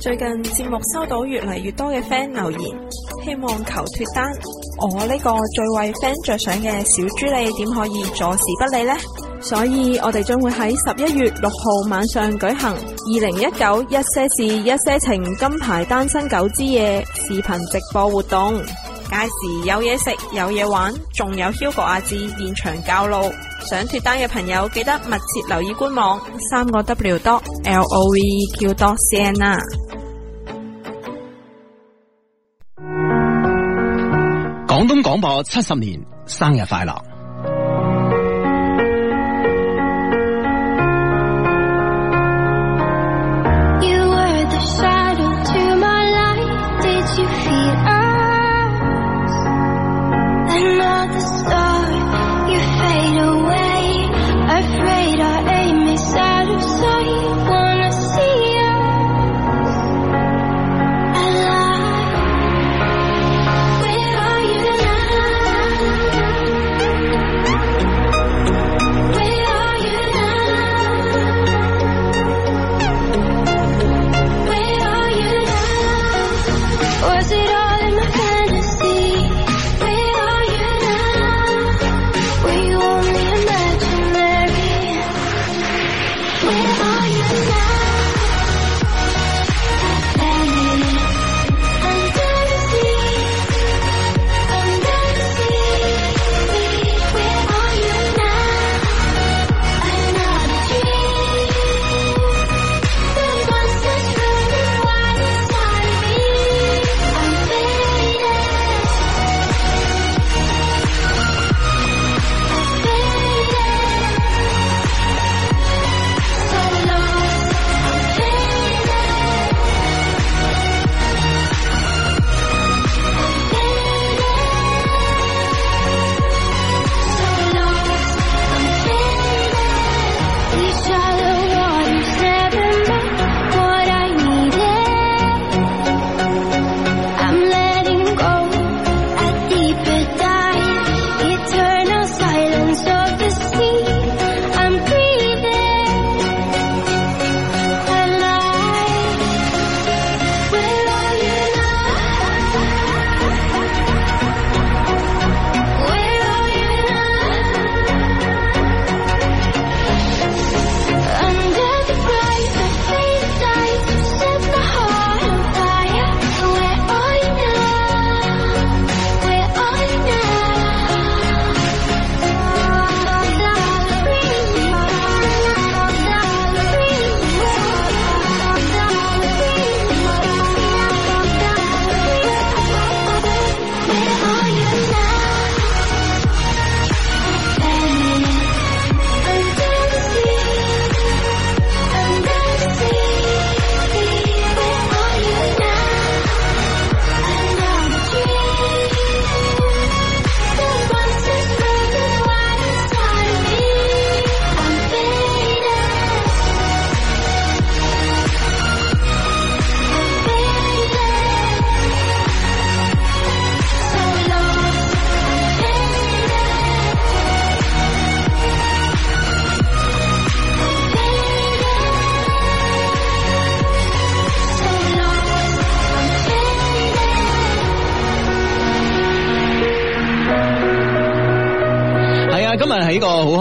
最近節目收到越嚟越多嘅 fan 留言，希望求脫單，我呢個最為 fan 着想嘅小豬你點可以坐視不理呢？所以我哋將會喺十一月六號晚上舉行二零一九一些事一些情金牌單身狗之夜視頻直播活動。屆時有嘢食，有嘢玩，仲有 Hugo 阿志現場教路，想脫單嘅朋友記得密切留意官網，三個 W dot L O V E Q dot C N 啊！廣東廣播七十年生日快樂！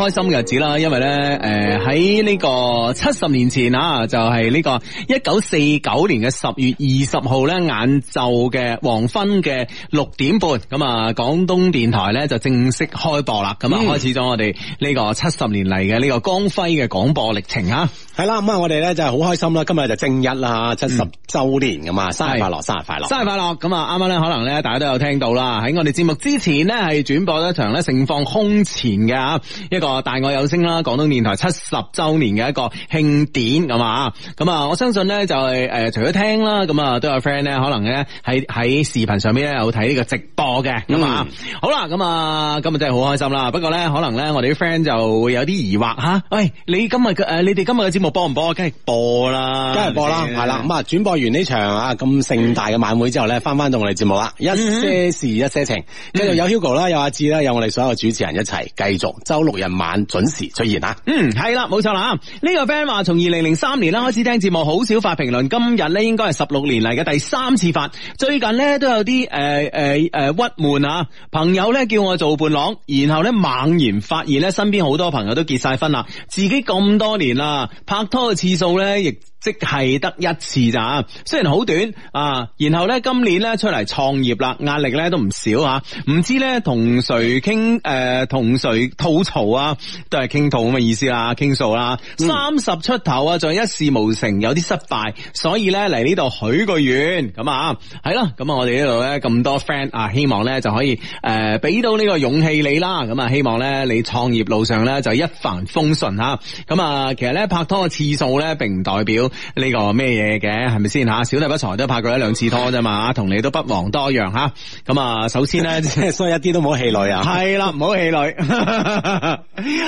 開心日子啦，因為咧，誒。喺呢個七十年前啊，就係、是、呢個一九四九年嘅十月二十號咧，晏晝嘅黃昏嘅六點半，咁啊廣東電台咧就正式開播啦，咁、嗯、啊開始咗我哋呢個七十年嚟嘅呢個光輝嘅廣播歷程啊！係啦，咁啊我哋咧就係好開心啦，今日就正一啦，七十週年咁啊、嗯，生日快樂，生日快樂，生日快樂！咁啊啱啱咧，可能咧大家都有聽到啦，喺我哋節目之前呢，係轉播咗一場咧盛放空前嘅啊一個大愛有聲啦，廣東電台七十。十週年嘅一個慶典，係嘛？咁啊，我相信咧就係、是、誒、呃，除咗聽啦，咁啊都有 friend 咧，可能咧喺喺視頻上面咧有睇呢個直播嘅，咁啊，嗯、好啦，咁啊，今日真係好開心啦。不過咧，可能咧，我哋啲 friend 就會有啲疑惑吓、啊。喂，你今日嘅誒，你哋今日嘅節目播唔播？梗係播啦，梗係播啦，係啦。咁啊，轉播完呢場啊咁盛大嘅晚會之後咧，翻翻到我哋節目啦，一些事一些情，繼續有 Hugo 啦，有阿志啦，有我哋所有嘅主持人一齊，繼續周六日晚準時出現啊。嗯，係啦。冇錯啦，呢個 friend 話從二零零三年咧開始聽節目，好少發評論。今日咧應該係十六年嚟嘅第三次發，最近咧都有啲誒誒誒鬱悶啊！朋友咧叫我做伴郎，然後咧猛然發現咧身邊好多朋友都結晒婚啦，自己咁多年啦，拍拖嘅次數呢亦。即係得一次咋，雖然好短啊。然後咧，今年咧出嚟創業啦，壓力咧都唔少吓。唔、啊、知咧同誰傾，誒、呃、同誰吐槽啊，都係傾吐咁嘅意思啦，傾訴啦。三十出頭啊，仲一事無成，有啲失敗，所以咧嚟呢度許個願咁啊，係啦咁啊，我哋呢度咧咁多 friend 啊，希望咧就可以誒俾、呃、到呢個勇氣你啦。咁啊，希望咧你創業路上咧就一帆風順吓。咁啊，啊，其實咧拍拖嘅次數咧並唔代表。呢、這個咩嘢嘅係咪先吓？小弟不才都拍過一兩次拖啫嘛，同你都不遑多讓吓。咁啊，首先咧，即係所 以一啲都唔好氣餒啊。係啦，唔好氣餒。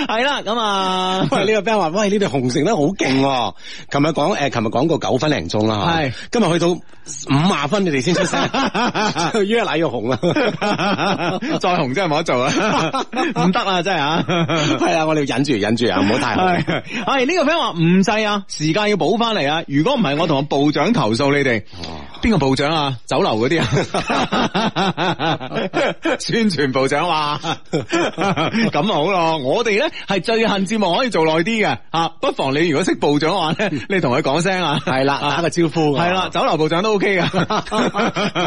係 啦，咁啊，呢個 friend 話，喂，呢、這、對、個、紅成得好勁。琴日講誒，琴日講過九分零鐘啦，係。今日去到五啊分，你哋先出聲，越嚟越紅啦。 再紅真係唔得做 不啊。唔得啦，真係啊。係 啊，我哋要忍住，忍住啊，唔好太紅。係 呢、哎這個 friend 話唔制啊，時間要補翻。翻嚟啊！如果唔係我同個部長投訴你哋，邊、啊、個部長啊？酒樓嗰啲啊？ 宣傳部長話，咁 好咯，我哋咧係最恨節目可以做耐啲嘅吓，不妨你如果識部長嘅話咧、嗯，你同佢講聲啊，係啦，打個招呼、啊，係啦，酒樓部長都 OK 噶，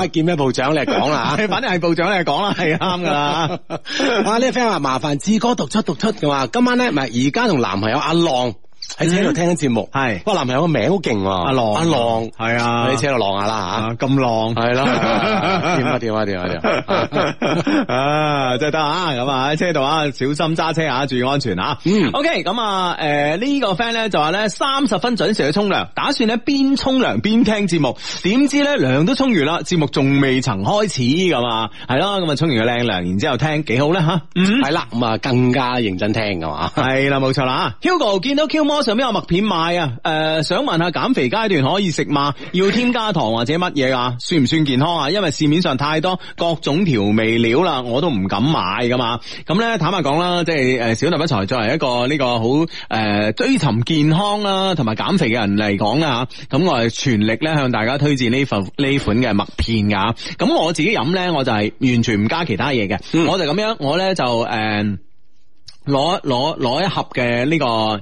見咩部長你係講啦，反正係部長你係講啦，係啱噶啦吓。哇、 啊！呢個 friend 話麻煩志哥讀出讀出嘅話，今晚咧唔係而家同男朋友阿浪。喺車度聽緊節目，係、嗯，哇！男朋友個名好勁喎，阿浪，阿、啊浪，啊、浪，係啊，喺車度浪下啦吓，咁浪、啊，係啦、啊，掂啊掂啊掂啊掂，啊真係得啊，咁啊喺車度啊，小心揸車啊，注意安全啊、嗯、，OK，咁啊，誒、呃，這個、呢個 friend 咧就話咧三十分準時去沖涼，打算咧邊沖涼邊聽節目，點知咧涼都沖完啦，節目仲未曾開始噶嘛，係咯、啊，咁啊沖完個靚涼，然之後聽幾好咧、啊、吓，係、啊、啦，咁、嗯、啊更加認真聽噶嘛，係 啦、啊，冇錯啦，Hugo 見到、Q 我上邊有麥片賣啊，誒、呃，想問下減肥階段可以食嗎？要添加糖或者乜嘢啊？算唔算健康啊？因為市面上太多各種調味料啦，我都唔敢買噶嘛。咁呢，坦白講啦，即係誒，小弟不才作為一個呢個好誒、呃、追尋健康啦，同埋減肥嘅人嚟講啊，咁、啊、我係全力呢向大家推薦呢份呢款嘅麥片噶、啊。咁我自己飲呢，我就係完全唔加其他嘢嘅、嗯，我就咁樣，我呢就誒。Uh, 攞攞攞一盒嘅呢、這個誒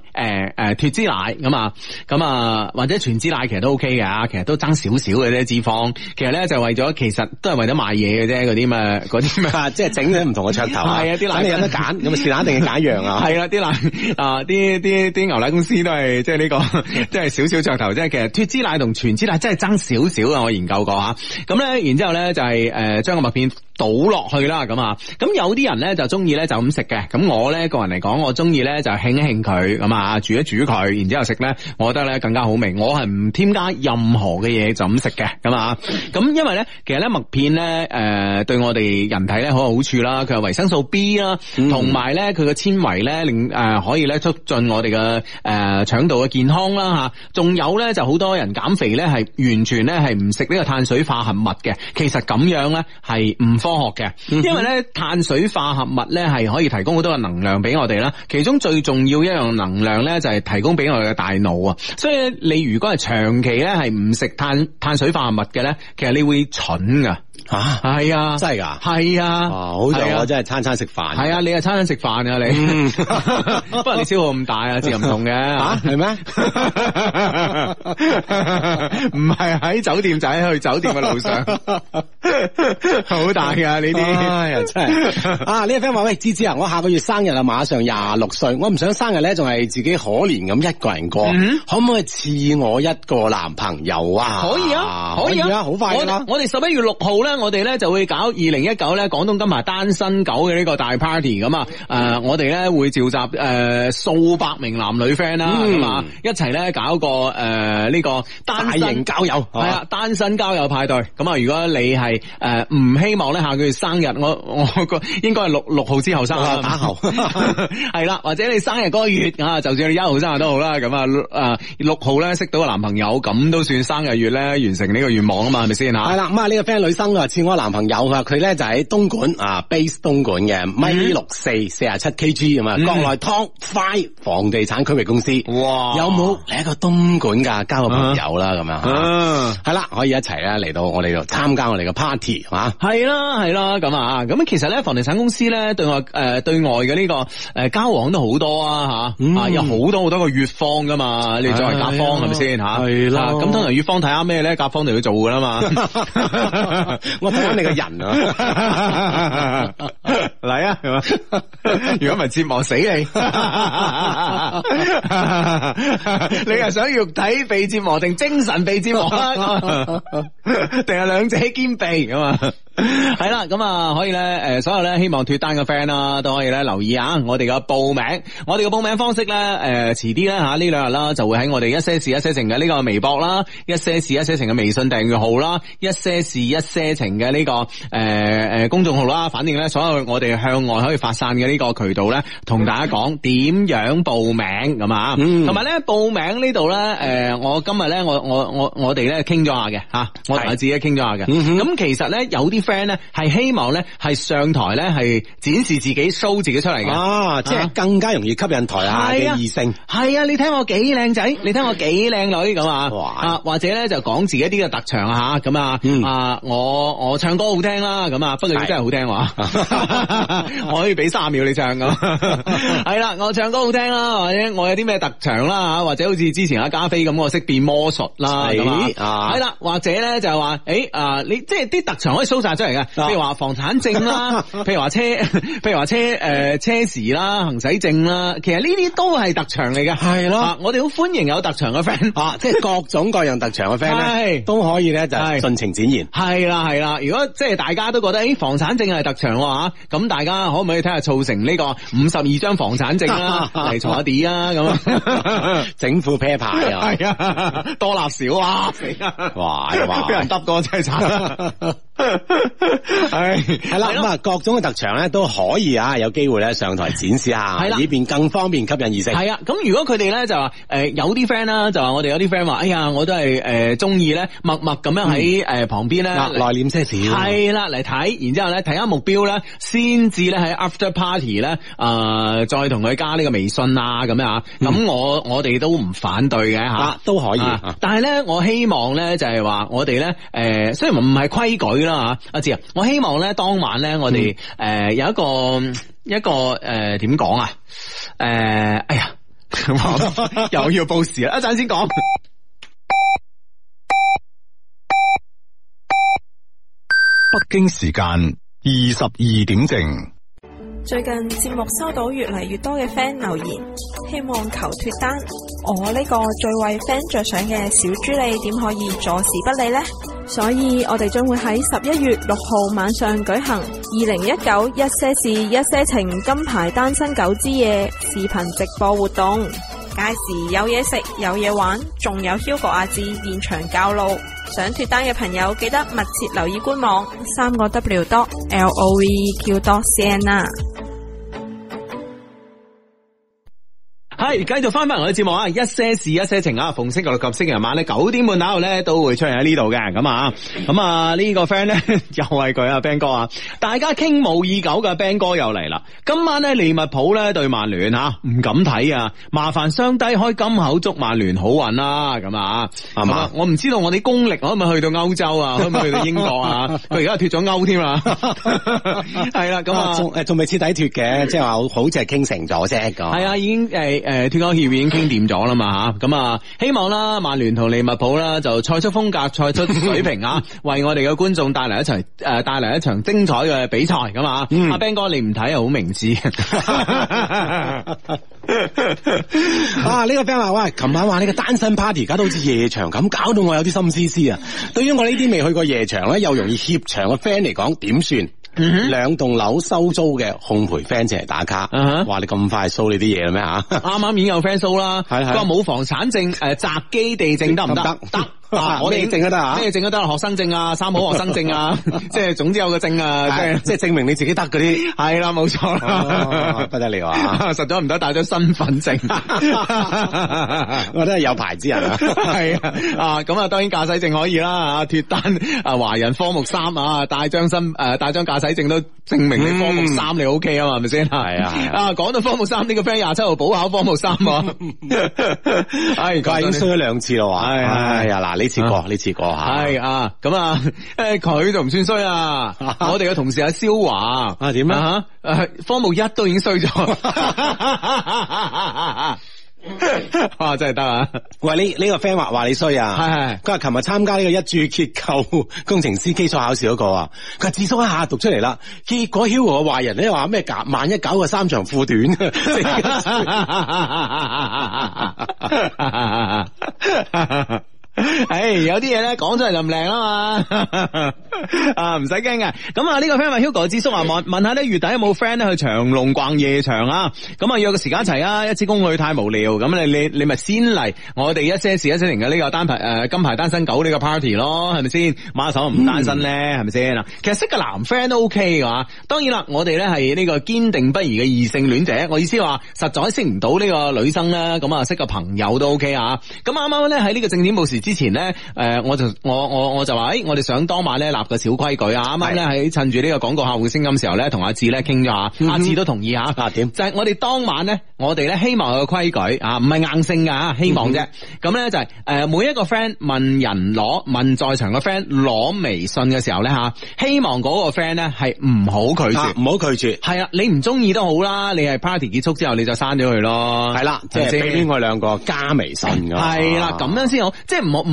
誒脫脂奶咁啊，咁啊，或者全脂奶其實都 O K 嘅，其實都爭少少嘅啫，脂肪。其實咧就為咗其實都係為咗賣嘢嘅啫，嗰啲咩嗰啲咩即係整咗唔同嘅噱頭。係 啊，啲奶你有得揀，咁啊是奶定係揀羊啊？係啦，啲、 啊、奶啊啲啲啲牛奶公司都係即係呢個即係少少噱頭。即係其實脫脂奶同全脂奶真係爭少少啊！我研究過吓。咁、啊、咧，然之後咧就係誒將個麥片。倒落去啦，咁啊，咁有啲人呢就鍾意呢就咁食嘅，咁我呢個人嚟講，我鍾意呢就興一興佢，咁啊，煮一煮佢，然之後食呢，我覺得呢更加好味。我係唔添加任何嘅嘢就咁食嘅，咁啊，咁因為呢，其實呢麥片呢、呃、對我哋人體呢好有好處啦，佢有維生素 B 啦、嗯，同埋呢佢嘅纖維呢令、呃、可以呢促進我哋嘅、呃、腸道嘅健康啦吓，仲有呢就好多人減肥呢係完全呢係唔食呢個碳水化合物嘅，其實咁樣呢係唔方科學嘅，因為咧碳水化合物咧係可以提供好多嘅能量俾我哋啦，其中最重要一樣能量咧就係提供俾我哋嘅大腦啊，所以咧，你如果係長期咧係唔食碳碳水化合物嘅咧，其實你會蠢噶。啊，係啊，真係噶，係啊，啊，好在、啊、我真係餐餐食飯，係啊，你係餐餐食飯啊，你，嗯、 不過你過你消耗咁大，自然唔同嘅，吓、啊，係咩？唔係喺酒店就喺、是、去酒店嘅路上， 好大噶呢啲，哎呀，真係 啊，呢位 friend 話，喂，芝芝啊，我下個月生日啊，馬上廿六歲，我唔想生日咧，仲係自己可憐咁一個人過，嗯、可唔可以賜我一個男朋友啊？可以啊，可以啊，好、啊、快噶啦，我哋十一月六號咧。我哋咧就會搞二零一九咧廣東金牌單身狗嘅呢個大 party 咁、呃、啊，誒我哋咧會召集誒數、呃、百名男女 friend 啦，係、嗯、嘛，一齊咧搞個誒呢、呃這個大型交友，係啊，單身交友派對。咁啊，如果你係誒唔希望咧下個月生日，我我個應該係六六號之後生啦，打後係啦，或者你生日個月啊，就算你一號生日都好啦，咁啊，誒六號咧識到個男朋友，咁都算生日月咧完成呢個願望啊嘛，係咪先？吓，係啦，咁啊呢個 friend 女生啊。似我男朋友佢咧就喺東莞啊 base 東莞嘅米六四四廿七 KG 咁啊，47kg, 國內 top five 房地產區域公司哇，有冇你一個東莞噶交個朋友啦咁、啊、樣，係、啊、啦可以一齊咧嚟到我哋度參加我哋個 party 哇，係啦係啦咁啊，咁其實咧房地產公司咧對外誒對外嘅呢個誒交往都好多啊吓、嗯，有好多好多個乙方噶嘛，你作為甲方係咪先吓？係、哎、啦，咁通常乙方睇下咩咧，甲方就要做噶啦嘛。 我睇翻你個人啊，嚟 啊，係嘛？如果唔係折磨死你， 你係想肉體被折磨定精神被折磨定係兩者兼備咁啊？ 係啦，咁啊可以咧，誒，所有咧希望脫單嘅 friend 啦，都可以咧留意下我哋嘅報名，我哋嘅報名方式咧，誒、呃，遲啲咧吓呢兩日啦，就會喺我哋一些事一些情嘅呢個微博啦，一些事一些情嘅微信訂閱號啦，一些事一些情嘅呢個誒誒公眾號啦，反正咧所有我哋向外可以發散嘅呢個渠道咧，同大家講點樣報名咁啊，同埋咧報名呢度咧，誒，我今日咧我我我我哋咧傾咗下嘅吓，我同我，我，我自己傾咗下嘅，咁、嗯、其實咧有啲。friend 咧係希望咧係上台咧係展示自己 show 自己出嚟嘅，即、啊、係、就是、更加容易吸引台下嘅異性。係啊，啊，你聽我幾靚仔，你聽我幾靚女咁啊，或者咧就講自己啲嘅特長啊吓咁啊啊，我我唱歌好聽啦，咁啊，不過真係好聽話，我可以俾三十秒你唱咁。係啦，我唱歌好聽啦、 啊，或者我有啲咩特長啦吓，或者好似之前阿加菲咁，我識變魔術啦咁啊，係、啊、啦，或者咧就係話誒啊，你即係啲特長可以 show 晒。即係噶，譬如話房產證啦，譬如話車，譬如話車誒、呃、車匙啦、行駛證啦，其實呢啲都係特長嚟嘅。係咯、啊，我哋好歡迎有特長嘅 friend，即係各種各樣特長嘅 friend 咧，都可以咧就盡情展現。係啦係啦，如果即係大家都覺得誒、哎、房產證係特長嘅話，咁、啊、大家可唔可以睇下促成呢個五十二張房產證啊嚟坐地啊咁，整副啤牌啊，多立少啊，哇，俾人得多真係慘。係係啦咁啊，各種嘅特長咧都可以啊，有機會咧上台展示下，係啦，以便更方便吸引異性。係、呃、啊，咁如果佢哋咧就話誒，有啲 friend 啦，就話我哋有啲 friend 話，哎呀，我都係誒中意咧默默咁樣喺誒旁邊咧，內斂些少。係啦，嚟睇，然之後咧睇下目標咧，先至咧喺 after party 咧啊、呃，再同佢加呢個微信啊咁樣啊。咁、嗯、我我哋都唔反對嘅吓、嗯啊，都可以、啊。但係咧，我希望咧就係、是、話我哋咧誒，雖然唔係規矩啦。啊！阿志啊，我希望咧當晚咧，我哋誒有一個一個誒點講啊？誒、呃，哎呀， 又要報時啦！一陣先講。北京時間二十二點正。最近節目收到越嚟越多嘅 friend 留言，希望求脫單。我呢個最為 friend 着想嘅小豬，你點可以坐視不理呢？所以我哋將會喺十一月六號晚上舉行二零一九一些事一些情金牌單身狗之夜視頻直播活動。屆時有嘢食、有嘢玩，仲有 Hugo 阿志現場教路，想脱單嘅朋友記得密切留意官網，三個 W dot L O V E Q dot c n 啊！係繼續翻翻我哋節目啊！一些事一些情啊，逢星期六及星期日晚咧九點半打後咧都會出現喺、啊這個、呢度嘅咁啊咁啊呢個 friend 咧又係佢啊 Ben 哥啊，大家傾慕已久嘅 Ben 哥又嚟啦！今晚咧利物浦咧對曼聯啊，唔敢睇啊！麻煩雙低開金口祝曼聯好運啦，啊！咁啊係嘛，我唔知道我哋功力可唔可以去到歐洲啊？ 可唔可以去到英國啊？佢而家又脫咗歐添啊！係 啦， 咁啊，仲誒仲未徹底脫嘅，即係話好似係傾成咗啫咁。係 啊，已經誒。呃誒，脱歐協議已經傾掂咗啦嘛吓，咁啊，希望啦，曼聯同利物浦啦，就賽出風格，賽出水平啊，為我哋嘅觀眾帶嚟一場誒，帶嚟一場精彩嘅比賽咁啊！阿、嗯、Ben 哥，你唔睇又好明智 啊！呢、這個 friend 話喂，琴晚話呢個單身 party，而家都好似夜場咁，搞到我有啲心思思啊！對於我呢啲未去過夜場咧，又容易怯場嘅 friend 嚟講，點算？兩棟樓收租嘅烘焙 fans 嚟打卡，話你咁快 show 你啲嘢啦咩吓？啱啱已經有 fans show 啦，不過冇房產證誒，宅基地證得唔得？得。嗱、啊，我哋證都得啊，咩證都得、啊啊，學生證啊，三好學生證啊， 即係總之有個證啊，哎、啊即係即證明你自己得嗰啲，係啦、啊，冇錯啦，不得了啊，啊實在唔得，帶張身份證， 我都係有牌之人啊，係 啊，啊，咁啊，當然駕駛證可以啦，啊，脫單啊，華人科目三啊，帶張身誒，帶張駕駛證都證明你科目三你 O K 啊嘛，係咪先啊？係啊，啊，啊，講到科目三呢、這個 friend 廿七號補考科目三啊，唉、 哎，佢已經衰咗兩次啦，話、哎，唉、啊、呀，嗱、哎。啊呢次過，啊、呢次過吓，係啊，咁啊，誒、欸，佢就唔算衰啊， 我哋嘅同事阿蕭華啊，點樣，啊、uh -huh? 啊，科目一都已經衰咗， 哇，真係得啊！喂，呢呢個 friend 話話你衰啊，係，佢話琴日參加呢個一注結構工程師基礎考試嗰、那個啊，佢話自縮一下讀出嚟啦，結果曉豪個壞人咧話咩？夾萬一搞個三長褲短 誒、哎，有啲嘢咧講出嚟就唔靚啊嘛， 啊唔使驚嘅。咁啊呢、這個 friend Hugo 之叔話問問下呢月底有冇 friend 去長隆逛夜場啊？咁啊約個時間一齊啊，一支公去太無聊。咁你你你咪先嚟我哋一些事一些情嘅呢個單牌誒、呃、金牌單身狗呢個 party 咯，係咪先？馬手唔單身咧，係咪先啦？其實識個男 friend 都 OK 噶。當然啦，我哋咧係呢個堅定不移嘅異性戀者。我意思話實在識唔到呢個女生啦、啊。咁、嗯、啊識個朋友都 OK 啊。咁啱啱咧喺呢個正點報時之前咧，誒我就我我我就話，誒我哋想當晚咧立個小規矩啊，啱啱咧喺趁住呢個廣告客戶聲音時候咧，同阿志咧傾咗下，阿志都同意下。點、嗯？就係、是、我哋當晚咧。我哋咧希望有個規矩啊，唔係硬性噶，希望啫。咁咧就係誒，每一個 friend 問人攞，問在場嘅 friend 攞微信嘅時候咧吓，希望嗰個 friend 咧係唔好拒絕，唔、啊、好拒絕。係啊，你唔中意都好啦，你係 party 結束之後，你就刪咗佢咯。係啦，即係另外兩個加微信噉。係啦，咁、啊、樣先好，即係唔好唔誒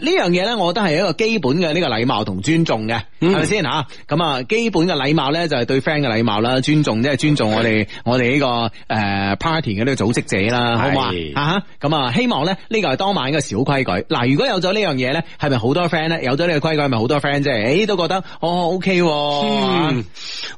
呢樣嘢咧，呃這個、我覺得係一個基本嘅呢個禮貌同尊重嘅，係咪先吓？咁啊，基本嘅禮貌咧就係對 friend 嘅禮貌啦，尊重即係、就是、尊重我哋、嗯、我哋呢、這個誒。呃瓜田嘅呢個組織者啦，好嘛？啊、uh、咁 -huh? 啊，希望咧呢個係當晚嘅小規矩。嗱，如果有咗呢樣嘢咧，係咪好多 friend 咧？有咗呢個規矩，係咪好多 friend 啫？誒、欸，都覺得哦，OK、啊。嗯，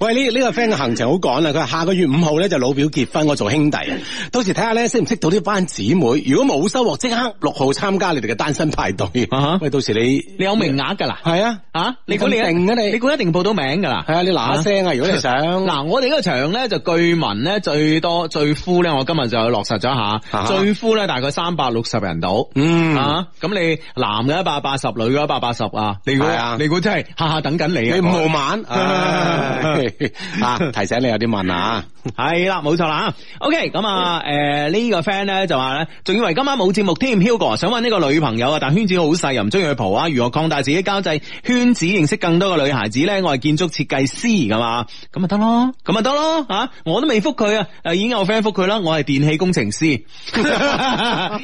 喂，呢、這、呢個 friend 嘅行程好趕啦，佢話下個月五號咧就老表結婚，我做兄弟， 到時睇下咧識唔識到呢班姊妹。如果冇收穫，即刻六號參加你哋嘅單身派對。喂、uh -huh?，到時你你有名額噶啦？係啊，吓？你估你定啊？你你估一定報到名噶啦？係啊，你嗱聲啊！Uh -huh? 如果你想嗱，我哋呢個場咧就據聞咧最多最富。我今日就落實咗下，啊、最呼咧大概三百六十人度。嗯啊，咁你男嘅一百八十，女嘅一百八十啊。你估啊？你估真係下下等緊你啊？你唔傲慢啊？ 提醒你有啲問、嗯、啊。係 啦，冇錯啦。OK，咁啊，誒、呃、呢、這個 friend 咧就話咧，仲以為今晚冇節目添，Hugo， 啊、想搵呢個女朋友啊，但圈子好細，又唔中意去蒲啊。如何擴大自己交際圈子，認識更多嘅女孩子咧？我係建築設計師噶嘛，咁咪得咯，咁咪得咯。吓、啊，我都未覆佢啊，誒，已經有 friend 覆佢。我係電氣工程師，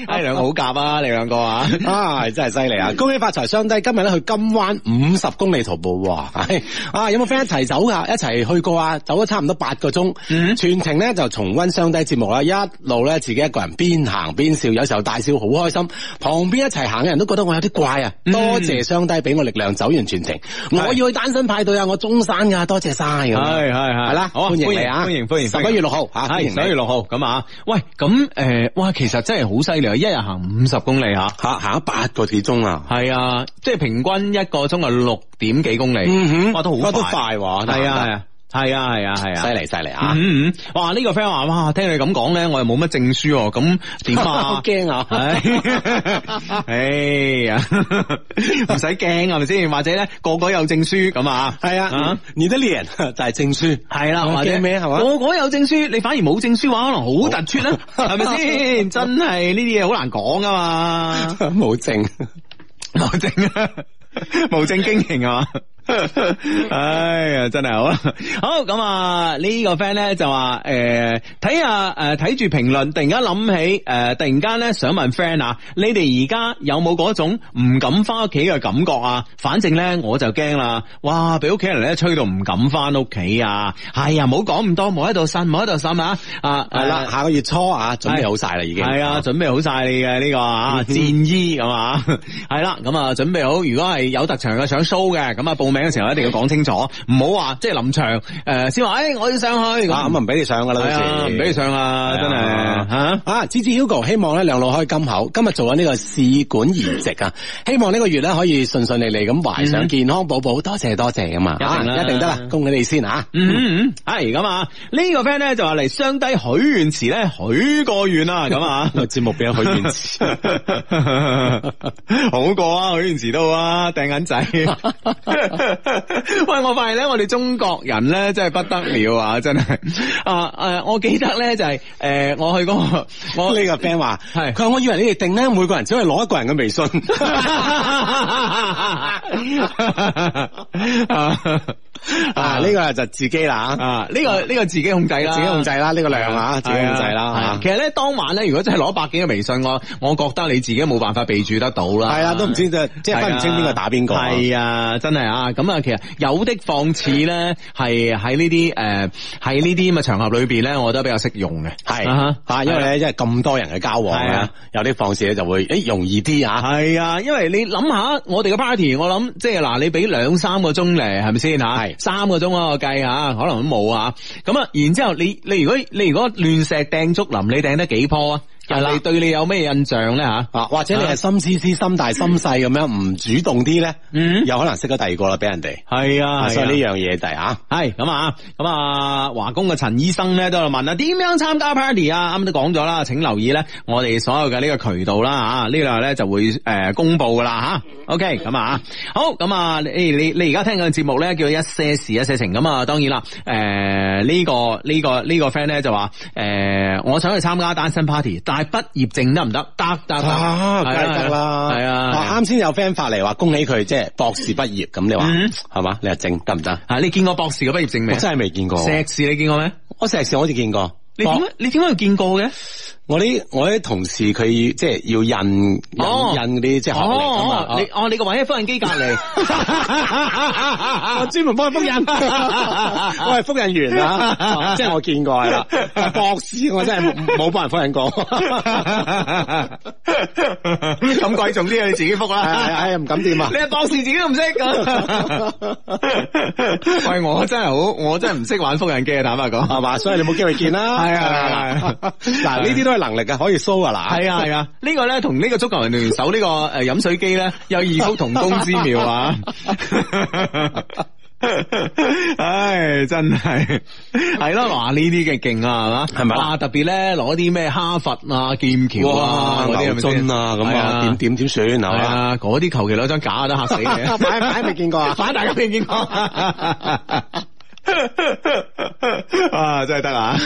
哎，兩個好夾啊，你兩個啊，啊、 哎，真係犀利啊！恭喜發財，雙低今日咧去金灣五十公里徒步喎，啊，有冇 friend 一齊走噶、啊？一齊去過啊？走咗差唔多八個鐘，mm -hmm. 全程咧就重溫雙低節目啦，一路咧自己一個人邊行邊笑，有時候大笑好開心，旁邊一齊行嘅人都覺得我有啲怪啊！Mm -hmm. 多謝雙低俾我力量，走完全程，mm -hmm. 我要去單身派對啊！我中山噶，多謝晒，係係係，係啦，好啊，歡迎你啊，歡迎歡迎，十一月六號啊，十一月六號。啊咁啊，喂，咁誒，哇、呃，其實真係好犀利啊，一日行五十公里啊，吓行咗八個幾鐘啊，係啊，即係平均一個鐘啊六點幾公里，嗯哼，哇都好快，哇，都快，係啊係啊。係啊係啊係啊，犀利犀利啊，啊，啊嗯！嗯，哇，呢、這個 friend 話哇，聽你咁講咧，我又冇乜證書哦，咁點啊？驚 怕啊！ 哎唔使驚係咪先？或者咧，個個有證書咁啊？係啊，啊你得 t 就係證書，係、啊、啦、啊，或者咩係嘛？個個有證書，你反而冇證書，話可能凸凸好突出啦，係咪先？ 真係呢啲嘢好難講噶嘛，冇證，冇證，冇證經營啊嘛！哎 呀，真係好，好，這個呃、啊！好咁啊，呢個 friend 咧，就話誒，睇下誒，睇住評論，突然間諗起誒、呃，突然間咧想問 friend 啊，你哋而家有冇嗰種唔敢翻屋企嘅感覺啊？反正咧我就驚啦，哇，俾屋企人咧吹到唔敢翻屋企啊！係、哎、啊，唔好講咁多，冇喺度呻，冇喺度呻啊！啊，係啦，下個月初啊，哎、準備好晒啦，已經係啊，準備好晒你嘅呢、這個啊， 戰衣係啊係啦，咁 啊準備好，如果係有特長嘅想 show 嘅，咁啊報名。名嘅時候一定要講清楚，唔好話即係臨場誒先話，哎我要上去，咁啊唔俾你上噶啦，到時唔俾你上啦，真係吓吓。支持、啊啊、Hugo，希望咧兩老開金口，今日做緊呢個試管移植啊，希望呢個月咧可以順順利利咁懷上健康寶寶、嗯，多謝多謝啊嘛，一定得啦、啊，恭喜你先啊，係、嗯、咁、嗯嗯、啊，呢個 friend 咧就話嚟降低許願池咧許個願啊，咁、這個、啊節目俾咗許願池， 樣啊、 好過啊許願池都啊掟銀仔。 喂，我發現咧，我哋中國人咧真係不得了的啊！真係啊誒，我記得咧就係、是、誒、呃，我去嗰、那個我呢一個 friend 話係，佢話我以為你哋定咧每個人只可以攞一個人嘅微信。啊！ 呢、這個就自己啦吓，呢、啊這個呢、這個自己控制啦，自己控制啦，呢、這個量吓、啊啊，自己控制啦、啊啊啊啊。其實咧當晚咧，如果真係攞百幾個微信，我我覺得你自己冇辦法備注得到啦。係啊，都唔知、啊、即係即係分唔清邊個打邊個。係啊，啊，真係啊。咁啊，其實有的放矢咧，係喺呢啲誒喺呢啲咁嘅場合裏邊咧，我都比較識用嘅。係啊，啊，因為咧即係咁多人嘅交往咧、啊，有啲放矢咧就會誒容易啲啊。係啊，因為你諗下我哋嘅 party，我諗即係嗱，你俾兩三個鐘嚟，係咪先吓？係、啊、三個鐘。我計下可能都冇啊。咁啊，然之後你你如果你如果亂石掟竹林，你掟得幾棵啊？人哋對你有咩印象咧吓？啊，或者你係心思思、嗯、心大、心細咁樣，唔主動啲咧，嗯，有可能識咗第二個啦，俾人哋。係啊，所以呢樣嘢就係、是、吓。係咁啊，咁啊，華工嘅陳醫生咧都喺度問啊，點樣參加 party 啊？啱啱都講咗啦，請留意咧，我哋所有嘅呢個渠道啦啊，呢兩日咧就會誒、呃、公布噶啦吓。OK，咁啊，好咁啊，誒，你你而家聽緊嘅節目咧叫一些事一些情咁啊，當然啦，誒、呃，這個這個這個、呢個呢個呢個 friend 咧就話誒、呃，我想去參加單身 party，大畢業證得唔得？得得啊，梗係得啦，係啊。啱先、啊啊、有 friend 發嚟話恭喜佢，即係博士畢業，咁你話係嘛？你話證得唔得？吓，你見過博士嘅畢業證未？我真係未見過。碩士你見過咩？我碩士我好似見過。你點解？你點解又見過嘅？我啲我啲同事佢即係要印印嗰啲即係學歷噶，你哦你個、哦、位喺複印機隔籬，我 專門幫佢複印，我係複印員啊、哦，即係我見過係啦。 博士我真係冇幫人複印過，咁 貴 重啲啊，你自己複啦，係，係唔敢掂啊。你係博士自己都唔識咁， 喂我真係好，我真係唔識玩複印機啊，坦白講，係嘛，所以你冇機會見啦。係 啊，嗱呢啲都係。能力啊可以 show 啊，嗱，係啊係啊，是啊是啊是啊這個、呢個咧同呢個足球人聯手呢、 這個誒飲、呃、水機咧有異曲同工之妙啊！唉、 哎，真係係咯，嗱呢啲嘅勁啊，係嘛，係嘛、啊，特別咧攞啲咩哈佛啊劍橋啊啲牛津啊咁啊，點點點算係嘛，嗰啲求其攞張假都嚇死你，擺擺未見過啊，反大家未見過啊，真係得啊！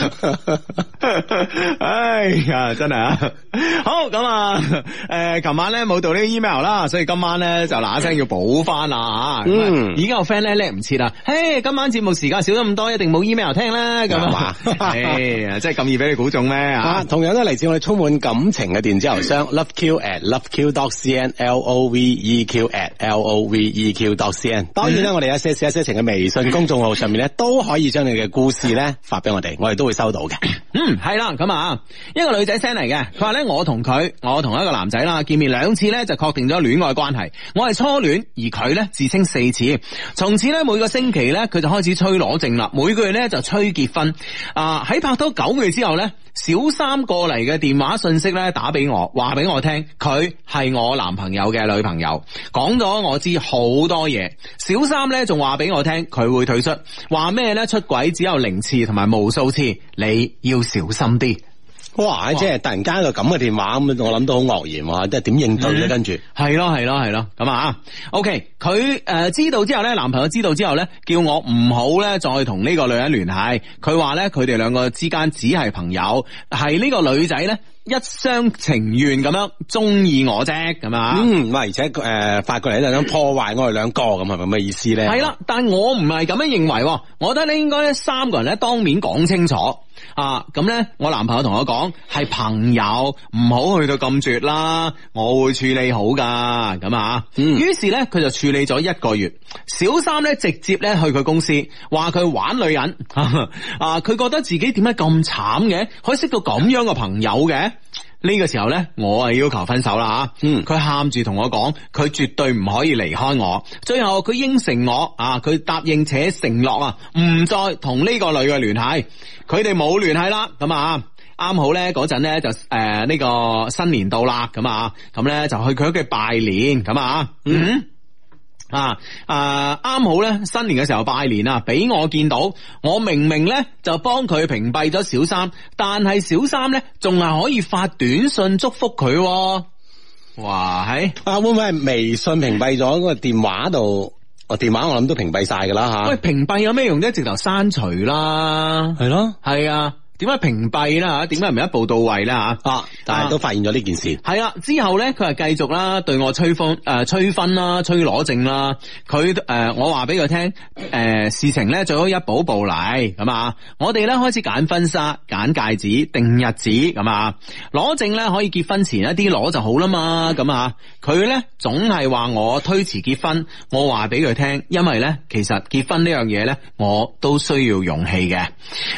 哎 呀、啊，真係啊，啊！好咁啊，誒，琴晚咧冇讀呢 email 啦，所以今晚咧就嗱一聲要補翻啦吓。嗯，而家我 friend 咧叻唔切啦嘿，今晚節目時間少咗咁多，一定冇 email 聽啦，咁啊，係、哎、啊，真係咁易俾你估中咩啊？同樣都嚟自我哋充滿感情嘅電子郵箱，loveq at loveq dot cn，loveq at loveq dot cn。當然啦，我哋有一些事一些情嘅微信公眾號上面咧，都可以將你嘅故事咧發俾我哋，我哋都會收到嘅。嗯係、嗯、啦，咁啊，一個女仔 send 嚟嘅，佢話呢，我同佢，我同一個男仔啦，見面兩次呢，就確定咗戀愛關係，我係初戀，而佢呢，自稱四次，從此呢，每個星期呢，佢就開始催攞證啦，每個月呢，就催結婚，啊喺拍拖九個月之後呢，小三過嚟嘅電話信息呢，打俾我，話俾我聽佢係我男朋友嘅女朋友，講咗我知好多嘢，小三呢，仲話俾我聽佢會退出，話咩呢？出軌只有零次同埋無數次，你要小心。小心啲！哇，即係突然間個個咁嘅電話咁，我諗到好愕然，喎。即係點應對咧？跟住係咯，係咯，係咯，咁啊？O K，佢誒知道之後咧，男朋友知道之後咧，叫我唔好咧再同呢個女人聯繫。佢話咧，佢哋兩個之間只係朋友，係呢個女仔咧一廂情願咁樣中意我啫，咁啊？嗯，喂，而且誒、呃、發過嚟咧，就想破壞我哋兩個咁係咪咁嘅意思咧？係啦， 但我唔係咁樣認為，我覺得你應該三個人咧當面講清楚。啊，咁呢，我男朋友同我講係朋友，唔好去到咁絕啦，我會處理好噶。咁啊，嗯，於是呢，佢就處理咗一個月，小三呢，直接呢去佢公司，話佢玩女人， 啊，佢覺得自己點解咁慘嘅，可以識到咁樣嘅朋友嘅。呢個時候呢，我係要求分手啦吓，嗯，佢喊住同我講，佢絕對唔可以離開我。最後佢應承我啊，佢答應且承諾啊，唔再同呢個女嘅聯繫。佢哋冇聯繫啦，咁啊，啱好呢嗰陣呢，就誒呢個新年到啦，咁啊，咁呢，就去佢屋企拜年，咁啊，嗯嗯啊！啊、呃，啱好咧，新年嘅時候拜年啊，俾我見到，我明明咧就幫佢屏蔽咗小三，但係小三咧仲係可以發短信祝福佢，啊。哇！係啊，會唔會係微信屏蔽咗嗰 個電話度？我電話我諗都屏蔽晒噶啦吓。喂，屏蔽有咩用啫？直頭刪除啦，係咯，係啊。點解屏蔽啦吓？點解唔一步到位啦吓？啊！但係都發現咗呢件事。係啦，之後呢，佢係繼續啦，對我催婚誒、婚、呃、啦、催攞證啦。佢誒、呃，我話俾佢聽誒，事情呢最好一步步嚟，咁啊。我哋呢開始揀婚紗、揀戒指、定日子咁啊。攞證呢可以結婚前一啲攞就好啦嘛。咁啊，佢呢總係話我推遲結婚。我話俾佢聽，因為呢其實結婚呢樣嘢呢，我都需要勇氣嘅。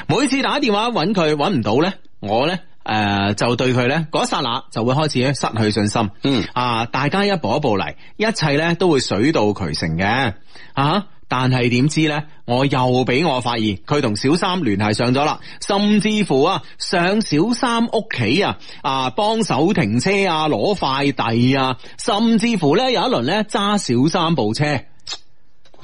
每次打電話揾。找佢揾唔到呢，我呢，誒、呃、就對佢呢嗰一刹那就會開始失去信心。嗯啊，大家一步一步嚟，一切呢都會水到渠成嘅啊。但係點知呢？我又俾我發現佢同小三聯繫上咗啦，甚至乎啊上小三屋企啊啊幫手停車啊，攞快遞啊，甚至乎呢，有一輪呢揸小三部車。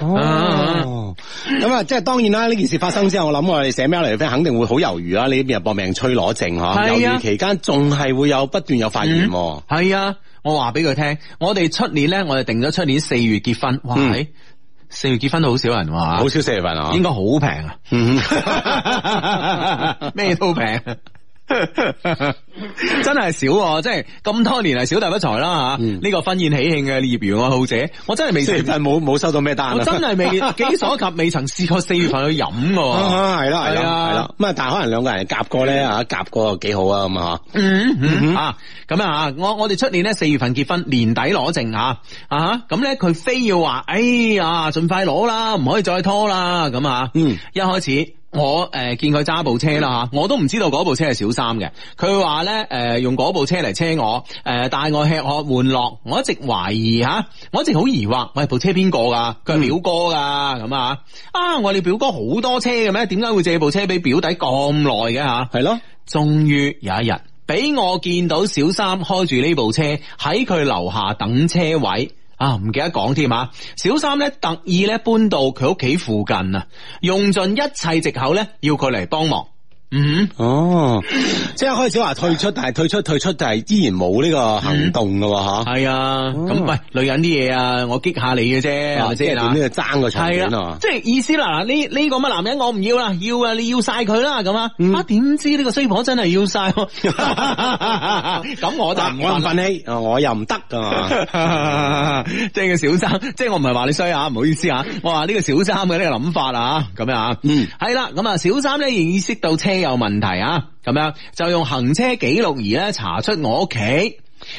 咁、哦、啊，即、哦、係、哦嗯嗯嗯嗯、當然啦！呢件事發生之後，我諗我哋寫咩嚟嘅 friend 肯定會好猶豫啦。你呢邊搏命催攞證，嗬、啊，猶豫期間仲係會有不斷有發現、嗯。係、嗯、啊，我話俾佢聽，我哋出年咧，我哋定咗出年四月結婚。哇，四、嗯、月結婚都好少人，哇、嗯，好少四月份啊，應該啊、嗯，應該好平啊，咩都平。 真係少、啊，即係咁多年嚟小弟不才啦、啊、吓。呢、嗯，這個婚宴喜慶嘅業餘愛好者，我真係未四月份冇冇收到咩單。我真係未， 幾所及未曾試過四月份去飲喎。係啦，係啊，係啦。咁啊，但係可能兩個人夾過咧、嗯、啊，夾過幾好啊咁吓。嗯嗯咁啊，我我哋出年咧四月份結婚，年底攞證吓啊。咁咧佢非要話，哎呀，盡快攞啦，唔可以再拖啦咁啊。嗯，一開始。我誒、呃、見佢揸部車啦吓、嗯，我都唔知道嗰部車係小三嘅。佢話咧誒用嗰部車嚟車我，誒、呃、帶我吃喝玩樂。我一直懷疑吓、啊，我一直好疑惑，喂部車邊個噶？佢係表哥噶咁、嗯、啊？啊我哋表哥好多車嘅咩？點解會借這部車俾表弟咁耐嘅吓？係咯。終於有一日俾我見到小三開住呢部車喺佢樓下等車位。啊，唔記得講添啊！小三咧特意咧搬到佢屋企附近啊，用盡一切借口咧要佢嚟幫忙。嗯、mm -hmm.，哦，即係開始話退出，但係退出退出就係依然冇呢個行動嘅吓，係、mm -hmm. 嗯、啊，咁、哦、喂，女人啲嘢啊，我激下你嘅啫，係咪先啦？爭個場。係啊，即係、嗯啊、意思啦，嗱呢呢個男人我唔要啦，要啊你要晒佢啦咁啊，點知呢個衰婆真係要晒咯，咁 我就唔我氣啊，我又唔得噶嘛，即係小三，即係我唔係話你衰啊，唔好意思啊，我話呢個小三嘅呢、這個諗法啊，咁樣、mm -hmm. 啊，嗯，係啦，咁啊小三咧認識到有問題啊！咁樣就用行車記錄儀咧查出我屋企，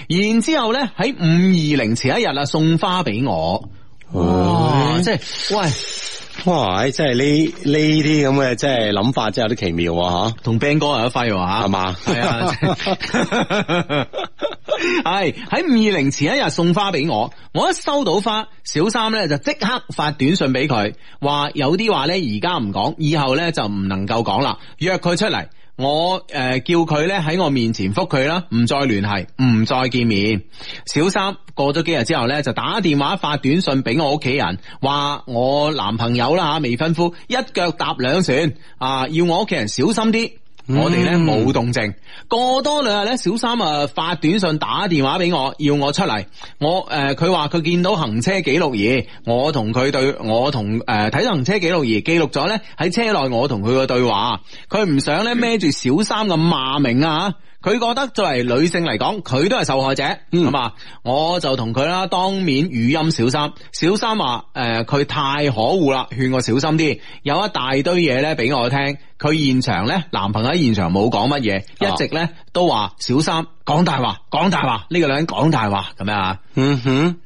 然之後咧喺五二零前一日啊送花俾我，哇，即係喂。哇！真係係呢呢啲咁嘅，即係諗法，真係有啲奇妙啊！吓，同 Ben 哥有一塊話，係嘛？係 啊， 係喺五二零前一日送花俾我，我一收到花，小三咧就即刻發短信俾佢，話有啲話咧，而家唔講，以後咧就唔能夠講啦，約佢出嚟。我誒、呃、叫佢咧喺我面前覆佢啦，唔再聯繫，唔再見面。小三過咗幾日之後咧，就打電話發短信俾我屋企人，話我男朋友啦吓、啊、未婚夫一腳踏兩船啊，要我屋企人小心啲。我哋咧冇動靜，過多兩日咧，小三啊發短信打電話俾我，要我出嚟，我誒佢話佢見到行車記錄儀，我同佢對，我同誒睇到行車記錄儀記錄咗咧喺車內我同佢個對話，佢唔想咧孭住小三嘅罵名啊！佢覺得作為女性嚟講，佢都係受害者，咁啊，我就同佢啦當面語音小三，小三話：，誒、呃，佢太可惡啦，勸我小心啲，有一大堆嘢咧俾我聽。佢現場咧，男朋友喺現場冇講乜嘢，一直咧都話小三講大話，講大話，呢個女人講大話，咁樣啊，嗯哼，嗯，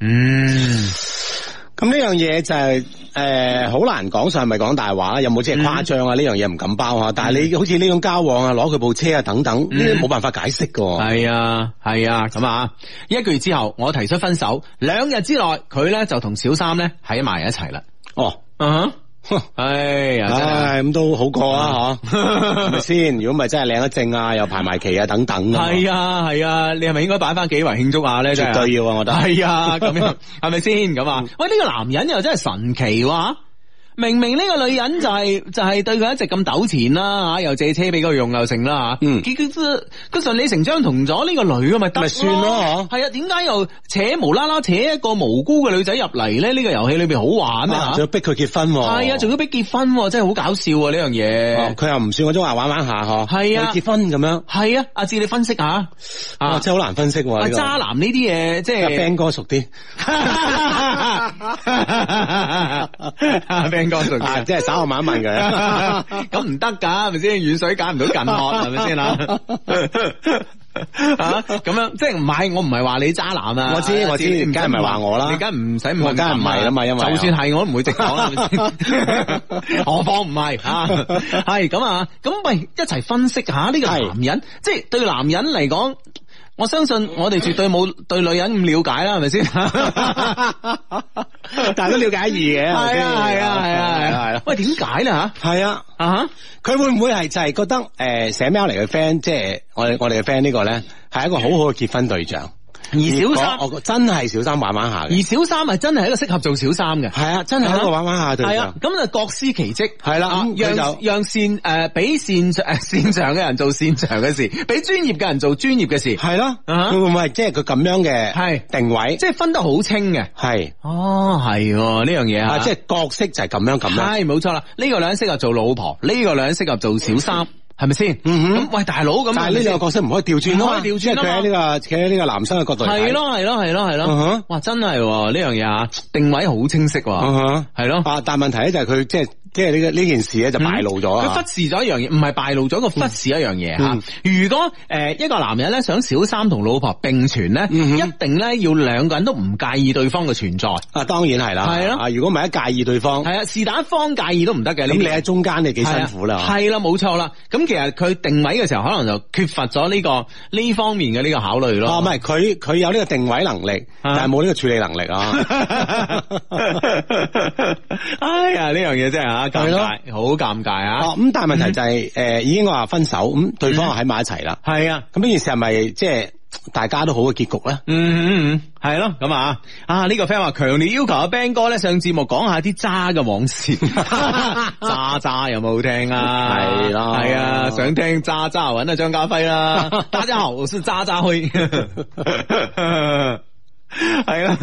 嗯。咁呢樣嘢就係、是、誒、呃嗯，好難講，上係咪講大話？有冇即係誇張啊？呢樣嘢唔敢包吓。但係你好似呢種交往啊，攞佢部車啊等等，呢啲冇辦法解釋噶。係啊，係啊，咁啊，一個月之後，我提出分手，兩日之內，佢咧就同小三咧喺埋一齊啦。哦，嗯、uh-huh.。 哎呀，咁、啊哎、都好過啊，吓係咪先？如果唔係真係領咗證啊，又排埋期啊，等等。係啊，係 啊，啊，你係咪應該擺翻幾圍慶祝下咧、啊？絕對要啊，我覺得係啊，咁樣係咪先？咁 啊，喂，呢、這個男人又真係神奇喎、啊。明明呢個女人就係、是、就係、是、對佢一直咁糾纏啦吓，又借車俾佢用又成啦吓，嗯，佢佢佢順理成章同咗呢、這個女啊嘛，咪算咯。係係啊，點解又扯無啦啦扯一個無辜嘅女仔入嚟咧？呢、這個遊戲裏邊好玩啊，仲、啊、要逼佢結婚，係啊，仲、啊、要逼結婚、啊，真係好搞笑啊呢樣嘢，佢、啊啊、又唔算我中意玩玩，玩下嗬，係啊，結婚咁樣，係啊，阿志你分析下啊，啊，真係好難分析喎、啊啊，渣男呢啲嘢即係，Ben 哥熟啲。 即係稍我問一問佢、啊，咁唔得噶，係咪先？遠水解唔到近渴，係咪先啦？吓、啊、咁樣，即係唔係？我唔係話你渣男啊！我知我知我我，你梗係唔係話我啦？你梗唔使唔，梗係唔係啦嘛？因為就算係，我都唔會直講啦、啊。何況唔係吓，係咁啊？咁喂，啊、一齊分析一下呢個男人，即係對男人嚟講。我相信我哋絕對冇對女人咁了解啦，係咪先？大 家 都了解二嘅，係 啊，係啊，係啊，係啊。喂，點解咧吓？係啊，啊佢、啊、會唔會係就係覺得誒，寫 mail 嚟嘅 friend，即係我哋我哋嘅 friend 呢個咧，係一個好好嘅結婚對象？而小三我真係小三玩玩下嘅。而小三係真係一個適合做小三嘅。係啊，真係、啊、一個玩玩下對，係啊，咁就各司其職。係啦、啊嗯嗯，讓讓善誒，俾、呃、善誒擅長嘅人做擅長嘅事，俾專業嘅人做專業嘅事。係咯、啊，唔唔係，即係佢咁樣嘅。係定位，即係、就是、分得好清嘅。係哦，係呢樣嘢啊，即係、啊啊就是、角色就係咁樣咁樣。係冇錯啦，呢、啊這個女人適合做老婆，呢、這個女人適合做小三。 係咪先？咁、嗯、喂，大佬咁，樣但係呢個角色唔可以調轉咯，調轉咯。企喺呢個，企喺呢個男生嘅角度。係咯，係咯，係咯，係咯、嗯。哇，真係呢樣嘢啊，定位好清晰、啊。係、嗯、咯。啊，但係問題咧就係佢即係，即係呢個呢件事咧就敗露咗。佢、嗯、忽視咗一樣嘢，唔係敗露咗，佢忽視一樣嘢吓。如果誒、呃、一個男人咧想小三同老婆並存咧、嗯，一定咧要兩個人都唔介意對方嘅存在。啊，當然係啦。係咯。啊，如果唔係一介意對方，係啊，是但一方介意都唔得嘅。咁你喺中間你幾辛苦啦、啊？係啦，冇錯啦。咁。其實佢定位嘅時候，可能就缺乏咗呢、呢個呢方面嘅呢個考慮咯。哦，唔係，佢佢有呢個定位能力，是但係冇呢個處理能力啊。 哎呀，呢樣嘢真係啊，尷尬，好尷尬啊。咁但係問題就係、是，誒、嗯，已經話分手，咁對方又喺埋一齊啦。係啊，咁呢件事係咪即係？就是大家都好嘅結局咧，嗯嗯嗯，係、嗯、咯，咁啊啊呢、這個 friend 話強烈要求阿 Ben 哥咧上節目講下啲渣嘅往事， 渣渣有冇好聽啊？係 啦，係啊，想聽渣渣，搵阿張家輝啦，啊，大家 好我是渣渣輝。 係啦，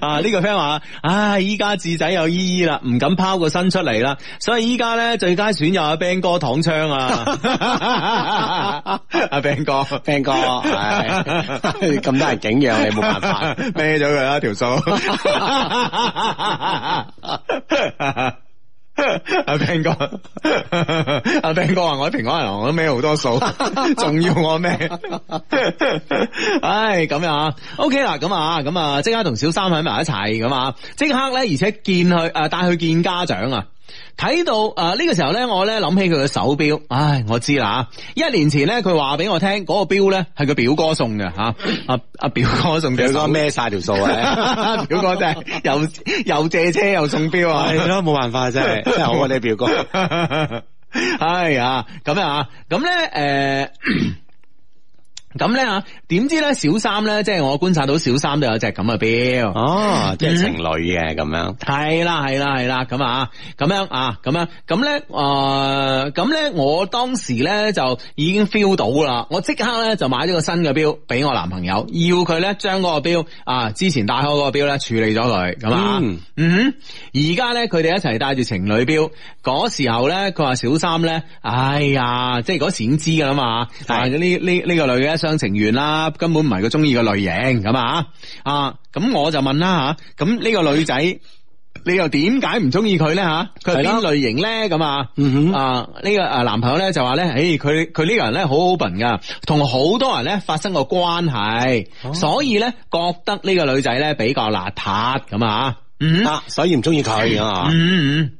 啊呢個 friend 話，唉依家智仔有意義啦，唔敢拋個身出嚟啦，所以依家咧最佳選有阿兵哥躺槍啊，阿兵哥，兵哥，咁多人景仰你冇辦法，孭咗佢啦條數。阿 兵哥，阿兵哥話我喺平安銀行，我都孭好多數，仲要我咩？ 唉，咁樣啊？OK 啦，咁啊，咁啊，即刻同小三喺埋一齊，咁啊，即刻咧，而且見佢，誒，帶佢見家長啊！睇到啊，呢、呃呢個時候咧，我咧諗起佢嘅手表。唉，我知啦，一年前咧，佢話俾我聽嗰、嗰個表咧係佢表哥送嘅吓。阿阿表哥送表哥孭晒條數啊！表哥，表哥， 表哥真係又又借車又送表啊！係 咯，冇辦法真係，真係 我哋表哥。 唉呀，咁啊，咁咧誒。 咁咧嚇，點知咧小三咧，即係我觀察到小三就有隻咁嘅表哦，即係情侶嘅咁樣。係啦，係啦，係啦，咁啊，咁樣啊，咁樣咁咧，啊，咁咧、呃，我當時咧就已經 feel 到啦，我即刻咧就買咗個新嘅表俾我男朋友，要佢咧將嗰個表啊之前戴開嗰個表咧處理咗佢。咁啊，嗯哼、嗯，而家咧佢哋一齊戴住情侶表，嗰時候咧佢話小三咧，哎呀，即係嗰時已經知噶啦嘛，但係呢呢個女嘅。生情緣啦，根本唔係佢中意嘅類型咁啊啊！咁我就問啦吓，咁、啊、呢個女仔你又點解唔中意佢咧吓？佢係邊類型咧咁、嗯、啊？啊、這、呢個啊男朋友咧就話咧，誒佢佢呢個人咧好 open 噶同好多人咧發生過關係、啊，所以咧覺得呢個女仔咧比較邋遢咁啊，啊所以唔中意佢啊。嗯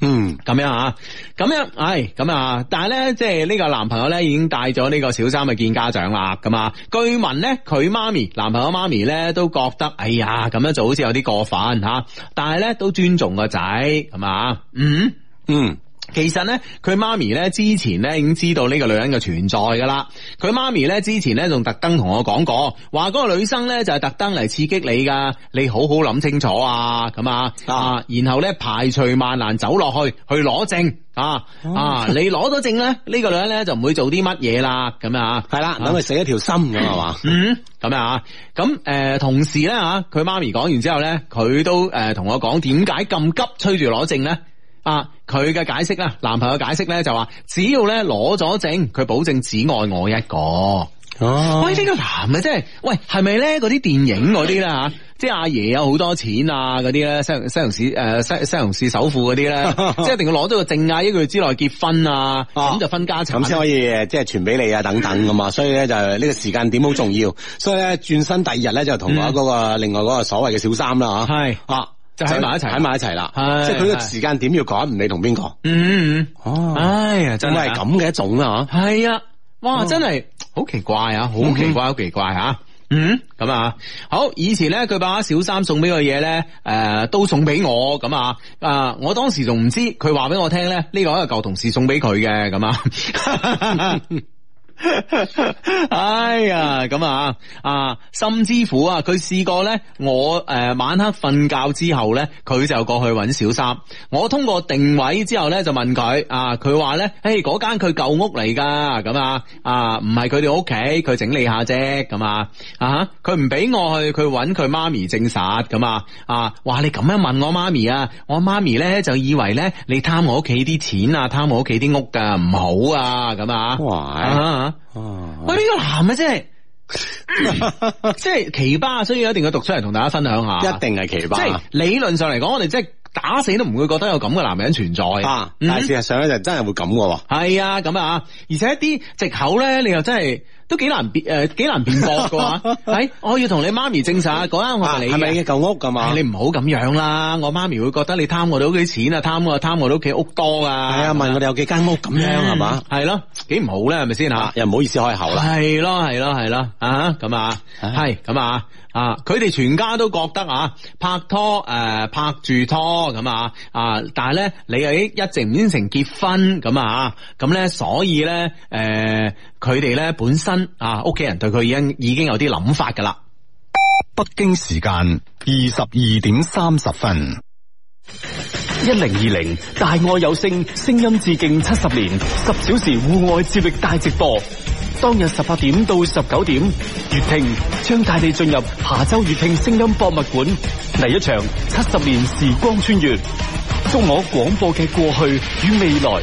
嗯，咁樣啊，咁樣，唉、哎，咁啊，但係咧，即係呢個男朋友咧，已經帶咗呢個小三去見家長啦，咁啊，據聞咧，佢媽咪，男朋友媽咪咧，都覺得，哎呀，咁樣就好似有啲過份吓、啊，但係咧，都尊重個仔，係啊，嗯，嗯。其實呢，佢媽咪呢之前呢已經知道呢個女人嘅存在噶啦。佢媽咪呢之前呢仲特登同我講過，話嗰個女生呢就係特登嚟刺激你噶，你好好諗清楚啊，咁啊，然後呢，排除萬難走落去去攞證啊啊，啊，啊，你攞咗證呢，呢 個女人呢就唔會做啲乜嘢啦，咁啊，係啦，等佢死一條心咁係嘛，嗯、咁、嗯、啊，咁誒、呃，同時呢，佢媽咪講完之後呢，佢都誒同、呃、我講點解咁急催住攞證呢？啊！佢嘅解釋啦，男朋友解釋咧就話，只要咧攞咗證，佢保證只愛我一個。哦、oh.，喂，呢個男嘅真係，喂，係咪咧？嗰啲電影嗰啲咧吓，即係阿爺有好多錢啊，嗰啲咧，西虹市誒，西虹市首富嗰啲咧， 即係一定要攞咗個證啊，一個月之內結婚啊，咁、oh. 就分家產，咁、啊、先可以即係傳俾你啊，等等㗎嘛。所以咧就呢個時間點好重要。所以咧轉身第二日咧就同我嗰、那個、嗯、另外嗰個所謂嘅小三啦吓，係啊。就喺埋一齊，喺、就、埋、是、一齊啦，係、啊啊，即係佢個時間點要講，唔理同邊個。嗯，哦，哎呀，真係咁嘅一種啦，嗬。係啊，啊，哇，真係好奇怪啊，好奇怪，好、嗯、奇怪吓、啊。嗯，咁啊，好，以前咧，佢把小三送俾個嘢咧，誒、呃，都送俾我，咁啊，啊，我當時仲唔知佢話俾我聽咧，呢、這個係舊同事送俾佢嘅，咁啊。 哎 呀，咁啊啊，甚至乎啊！佢試過咧，我誒、呃、晚黑瞓覺之後咧，佢就過去搵小三。我通過定位之後咧，就問佢啊，佢話咧，誒嗰間佢舊屋嚟噶，咁啊啊，唔係佢哋屋企，佢整理下啫，咁啊啊，佢唔俾我去，佢搵佢媽咪證實咁啊啊！話、啊、你咁樣問我媽咪啊，我媽咪咧就以為咧你貪我屋企啲錢啊，貪我屋企啲屋噶，唔好啊，咁啊。哇啊啊啊！喂、啊，呢、這個男嘅真係， 即係奇葩，所以一定要讀出嚟同大家分享下。一定係奇葩、啊，即係理論上嚟講，我哋即係打死都唔會覺得有咁嘅男人存在。啊，但係事實上咧，就真係會咁喎，係啊，咁啊，而且一啲藉口咧，你又真係。都幾難辨，誒，幾難辨駁嘅話，啊，係、 哎、我要同你媽咪證實嗰間我哋你係咪嘅舊屋噶嘛，哎？你唔好咁樣啦，啊，我媽咪會覺得你貪我哋屋企錢啊，貪我貪我哋屋企屋多噶，啊。係、嗯、啊，問我哋有幾間屋咁樣係嘛？係咯，幾、嗯、唔好咧，啊，係咪先吓？又唔好意思開口啦。係咯，係咯，係咯，啊咁啊，係咁啊啊！佢、啊、哋、啊啊啊啊、全家都覺得啊，拍拖誒、呃，拍住拖咁啊啊！但係咧，你又一直唔應承結婚咁啊咁咧，所以咧誒。呃佢哋咧本身啊，屋企人對佢已經已經有啲諗法噶啦。北京時間二十二點三十分，一零二零大愛有聲聲音致敬七十年十小時戶外接力大直播。當日十八點到十九點，粵聽將帶你進入琶洲粵聽聲音博物館，嚟一場七十年時光穿越，祝我廣播嘅過去與未來。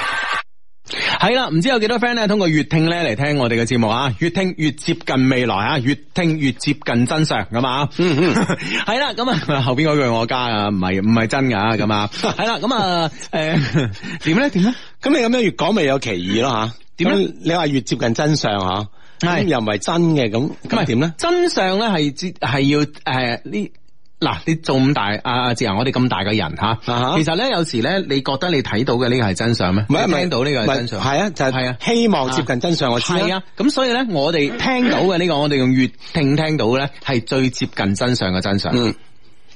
係啦，唔知有幾多 friend 咧，通過越聽咧，嚟聽我哋嘅節目啊，越聽越接近未來啊，聽 呃、 越聽越接近真相咁啊。嗯嗯，係啦，咁啊後邊嗰句我加啊，唔係唔係真噶咁啊。係啦，咁啊誒點咧點咧？咁你咁樣越講咪有歧義咯吓？點樣你話越接近真相吓？係又唔係真嘅？咁咁係點咧？真相咧係接係要誒呢？嗱、啊，你做咁大，啊阿哲，我哋咁大嘅人吓、啊啊。其實咧有時咧，你覺得你睇到嘅呢個係真相咩？唔係唔聽到呢個係真相，係啊，啊，啊，就係啊，希望接近真相我知啊，咁、啊、所以咧，我哋聽到嘅呢、呢個，我哋用耳聽聽到咧，係最接近真相嘅真相。嗯，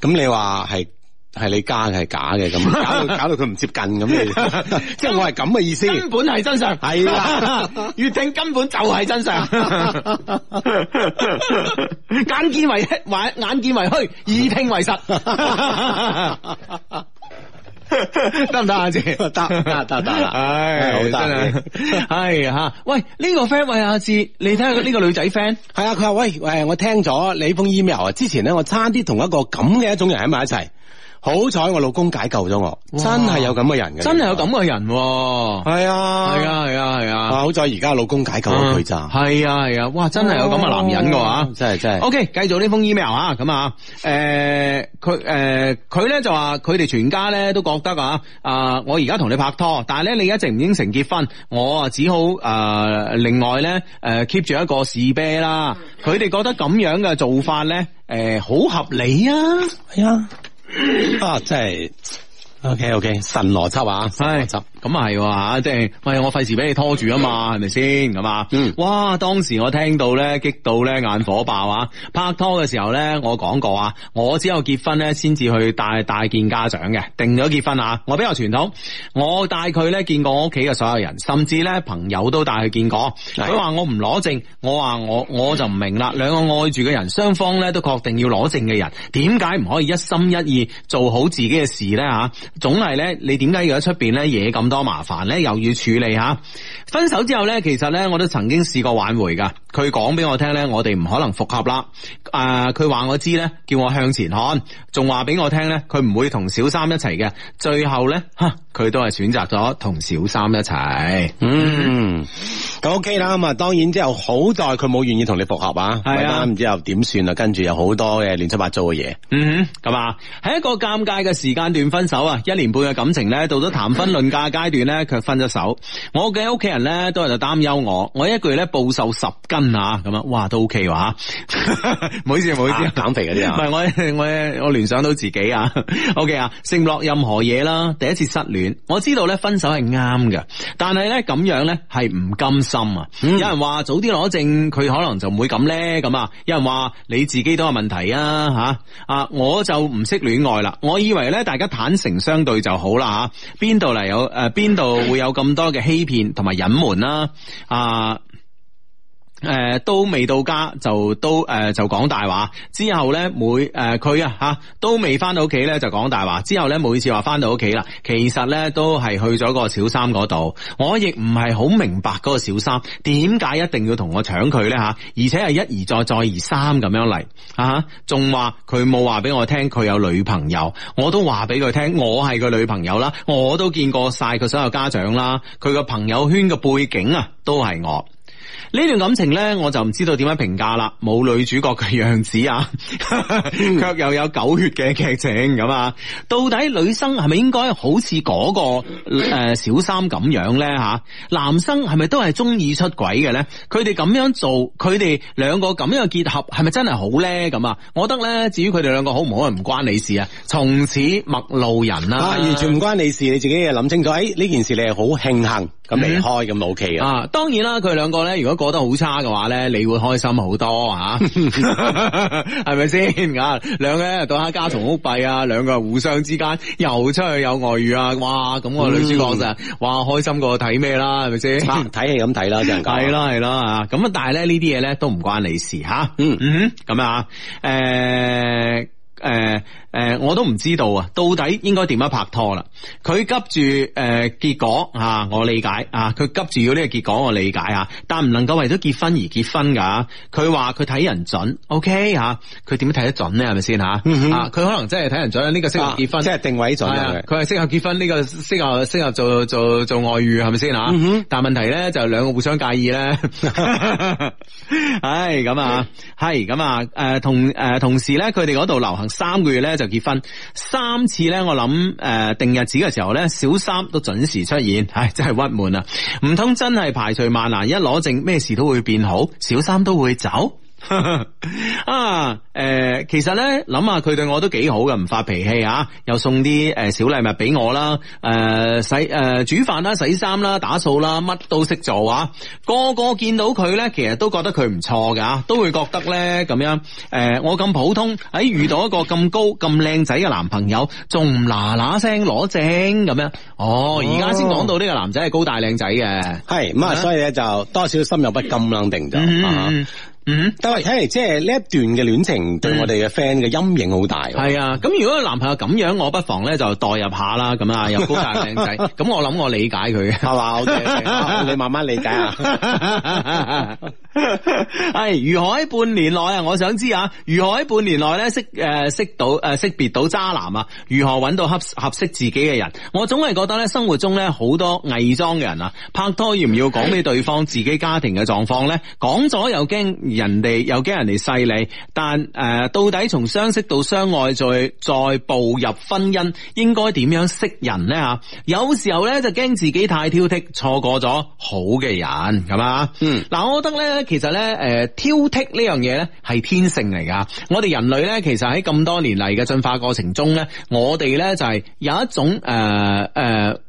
咁你話係。係你加嘅，係假嘅咁，搞到搞到佢唔接近咁嘅。即係我係咁嘅意思，根本係真相，係啦。月聽根本就係真相哈哈哈哈眼見為，眼見為虛，眼眼見為虛，耳聽為實。得唔得啊？阿志，得得得啦，唉，好得，係啊。喂，呢個 friend 喂阿志，你睇下呢個女仔 friend，係啊。佢話喂，誒，我聽咗你封 email 啊，之前咧我差啲同一個咁嘅一種人喺埋一齊。好彩我老公解救咗我，真係有咁嘅人嘅，真係有咁嘅人，係啊，係啊，係啊，好彩而家老公解救咗佢咋，係啊，係啊,啊,啊,啊,啊,啊，哇，真係有咁嘅男人嘅、啊、話、哎啊，真係真係。OK，繼續呢封 email 啊，咁啊，誒、呃，佢誒，佢、呃、咧就話佢哋全家咧都覺得啊，啊、呃，我而家同你拍拖，但係咧你一直唔應承結婚，我啊只好誒、呃、另外咧誒 keep 住一個士啤啦，佢哋覺得咁樣嘅做法咧誒好合理啊，係啊。啊，真係，OK OK，神邏輯啊，係邏輯。咁啊係吓，即係喂我費事俾你拖住啊嘛，係咪先咁啊？嗯哇！當時我聽到咧，激到咧眼火爆啊！拍拖嘅時候咧，我講過啊，我只有結婚咧先至去帶帶見家長嘅。定咗結婚啊，我比較傳統，我帶佢咧見過我屋企嘅所有人，甚至咧朋友都帶佢見過。佢話我唔攞證，我話我我就唔明啦。兩個愛住嘅人，雙方咧都確定要攞證嘅人，點解唔可以一心一意做好自己嘅事咧？吓、啊，總係咧你點解要喺出邊咧嘢咁多？多麻煩咧，又要處理吓，分手之後咧，其實咧我都曾經試過挽回噶。佢講俾我聽呢，我哋唔可能複合啦。誒、呃，佢話我知呢，叫我向前看，仲話俾我聽呢，佢唔會同小三一齊嘅。最後呢，吓佢都係選擇咗同小三一齊。嗯，咁 OK 啦。咁啊，當然之後好在佢冇願意同你複合啊。係啊，唔知後點算啊？跟住有好多嘅亂七八糟嘅嘢。嗯，哼，咁啊，喺一個尷尬嘅時間段分手啊，一年半嘅感情呢，到咗談婚論嫁階段呢，卻分咗手。我嘅屋企人呢，都係就擔憂我，我一個月呢，暴瘦十斤。吓、嗯、咁啊，哇都 OK 哇，唔好意思，唔好意思，減肥嗰啲啊，唔係、啊啊、我我我聯想到自己啊，OK 啊，承諾任何嘢啦，第一次失戀，我知道咧分手係啱㗎，但係咧咁樣咧係唔甘心啊、嗯，有人話早啲攞證佢可能就唔會咁咧，咁啊，有人話你自己都有問題啊吓啊，我就唔識戀愛啦，我以為咧大家坦誠相對就好啦吓，邊度嚟有誒邊度會有咁多嘅欺騙同埋隱瞞啦啊。誒、呃，都未到家就都誒、呃、就講大話。之後呢，每誒佢、呃、啊吓都未翻到屋企呢，就講大話。之後呢，每次話翻到屋企啦，其實呢，都係去咗個小三嗰度。我亦唔係好明白嗰個小三點解一定要同我搶佢呢？吓、啊，而且係一而再再而三咁樣嚟啊！仲話佢冇話俾我聽佢有女朋友，我都話俾佢聽我係佢女朋友啦。我都見過晒佢所有家長啦，佢個朋友圈嘅背景啊都係我。呢段感情咧，我就唔知道點樣評價啦。冇女主角嘅樣子啊、嗯，卻又有狗血嘅劇情咁啊。到底女生係咪應該好似嗰、嗰個誒、呃、小三咁樣咧吓？男生係咪都係中意出軌嘅咧？佢哋咁樣做，佢哋兩個咁樣結合，係咪真係好咧？咁啊，我覺得咧，至於佢哋兩個好唔好，唔關你事啊。從此陌路人啦，啊，完全唔關你事，你自己嘅諗清楚。誒、哎，呢件事你係好慶幸咁離開咁 OK 嘅。啊，當然啦，佢哋兩個咧，如果覺得好差嘅話咧，你會開心好多吓，係咪先啊？兩 是吧 個到下家同屋弊，啊，兩個互相之間又出去有外遇啊，哇！咁個女主角就哇、嗯、開心過睇咩啦，係咪先？睇戲咁睇啦，就係咁。係啦係啦咁啊，但係咧呢啲嘢咧都唔關你事吓。嗯樣嗯，咁啊，誒、嗯。誒、呃、誒、呃，我都唔知道啊，到底應該點樣拍拖啦？佢急住誒、呃、結果吓、啊、我理解啊，佢急住要呢個結果，我理解啊，但唔能夠為咗結婚而結婚噶。佢話佢睇人準，OK 吓，佢點樣睇得準咧？係咪先吓？啊，佢可能真係睇人準，OK，啊、準呢是是、啊準呢個適合結婚，即、啊、係、就是、定位準佢，佢係、啊、適合結婚，呢、呢個適合適合做做做外遇係咪先吓？但問題咧就兩個互相介意咧，係 咁 啊，係咁啊，誒、呃、同誒、呃、同時咧，佢哋嗰度流行。三個月咧就結婚，三次呢我諗誒、呃、定日子嘅時候呢，小三都準時出現，唉真係屈悶啊！唔通真係排除萬難，一攞證咩事都會變好，小三都會走？啊，誒，其實咧諗下佢對我都幾好嘅，唔發脾氣啊，又送啲誒小禮物俾我啦，誒洗誒煮飯啦，洗衫啦，打掃啦，乜都識做啊。個個見到佢咧，其實都覺得佢唔錯噶，都會覺得咧咁樣。誒，我咁普通喺遇到一個咁高咁靚仔嘅男朋友，仲唔嗱嗱聲攞證咁樣。哦，而家先講到呢個男仔係高大靚仔嘅，係咁啊，所以咧就多少心有不甘啦，定咗。嗯、mm -hmm.，但係睇嚟，即係呢一段嘅戀情對我哋嘅 friend 嘅陰影好大，啊。係啊，咁如果男朋友咁樣，我不妨咧就代入下啦，咁啊又高大靚仔，咁 我諗我理解佢嘅，係嘛？O K，你慢慢理解啊。係，如何喺半年內啊？我想知啊，如何喺半年內咧識誒識,識到誒識別到渣男啊？如何搵到合合適自己嘅人？我總係覺得咧生活中咧好多偽裝嘅人啊，拍拖要唔要講俾對方自己家庭嘅狀況咧？講咗又驚。人哋又驚人哋勢利，但誒、呃，到底從相識到相愛再再步入婚姻，應該點樣識人呢？吓，有時候呢，就驚自己太挑剔，錯過咗好嘅人，咁啊嗯，嗱，我覺得呢，其實呢，誒、呃，挑剔呢樣嘢呢，係天性嚟噶。我哋人類呢，其實喺咁多年嚟嘅進化過程中呢，我哋呢，就係、是、有一種誒誒。呃呃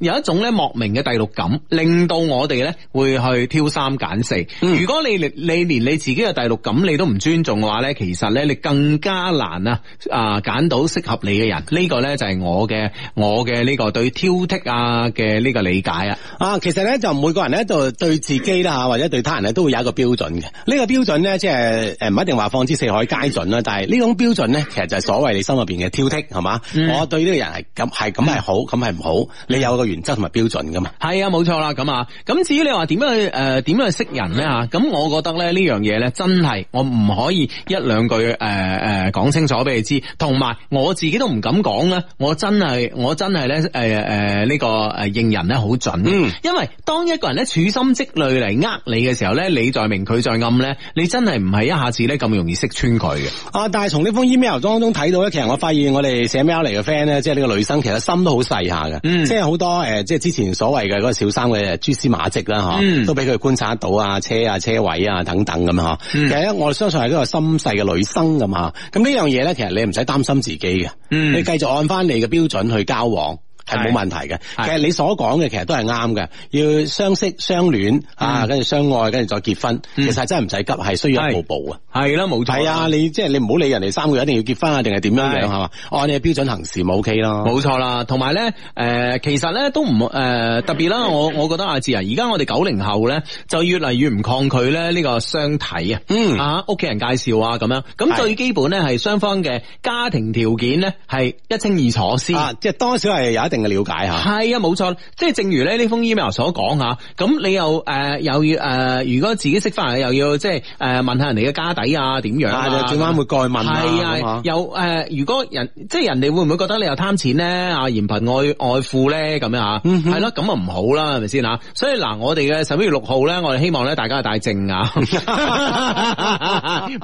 有一種咧莫名嘅第六感，令到我哋咧會去挑三揀四、嗯。如果你你你連你自己嘅第六感你都唔尊重嘅話咧，其實咧你更加難啊啊揀到適合你嘅人。呢個咧就係我嘅我嘅呢個對挑剔啊嘅呢個理解啊。啊，其實咧就每個人咧就對自己啦嚇，或者對他人咧都會有一個標準嘅。呢個標準咧即係誒唔一定話放之四海皆準啦，但係呢種標準咧其實就係所謂你心入邊嘅挑剔係嘛、嗯？我對呢個人係咁係咁係好，咁係唔好，你有個。原則同埋標準噶嘛，係啊，冇錯啦。咁啊，咁至於你話點樣去誒點樣去識人咧吓，咁、嗯、我覺得咧呢樣嘢咧真係我唔可以一兩句誒誒講清楚俾你知，同埋我自己都唔敢講咧。我真係我真係咧誒誒呢個誒認人咧好準、嗯，因為當一個人咧處心積慮嚟呃你嘅時候咧，你在明佢在暗咧，你真係唔係一下子咧咁容易識穿佢嘅。啊，但係從呢封 email 當中睇到咧，其實我發現我哋寫 mail 嚟嘅 friend 咧，即係呢個女生其實心都好細下嘅，即係好多。誒，即係之前所謂嘅嗰個小三嘅蛛絲馬跡啦，吓、嗯、都俾佢觀察到啊，車啊，車位啊，等等咁吓、嗯。其實咧，我相信係一個心細嘅女生咁吓。咁呢樣嘢，咧，其實你唔使擔心自己嘅、嗯，你繼續按翻，你嘅標準去交往。係冇問題嘅，其實你所講嘅其實都係啱嘅。要相識相戀、相、嗯、戀啊，跟住相愛，跟住再結婚，嗯、其實真係唔使急，係需要一步步嘅。係啦，冇錯係啊！你即係你唔好理人哋三個月一定要結婚是的是的啊，定係點樣樣係嘛？按你嘅標準行事咪 OK 咯。冇錯啦，同埋咧，誒，其實咧都唔誒、呃、特別啦。我我覺得阿志啊，而家我哋九零後咧，就越嚟越唔抗拒咧呢個相睇啊。嗯啊，屋企人介紹啊，咁樣咁最基本咧係雙方嘅家庭條件咧係一清二楚先、啊。即係多少係有一定。嘅了解吓，係啊，冇錯，即係正如咧呢封 email 所講吓，咁你又誒又要誒，如果自己識翻嚟，又要即係誒、呃、問下人哋嘅家底啊，點樣啊，點、啊啊、樣會蓋問係啊？又誒、呃，如果人即係人哋會唔會覺得你又貪錢咧？啊，嫌貧愛愛富咧？咁樣吓、啊，係、嗯、咯，咁啊唔好啦，係咪先吓？所以嗱、呃，我哋嘅十一月六號咧，我哋希望咧大家帶正啊，唔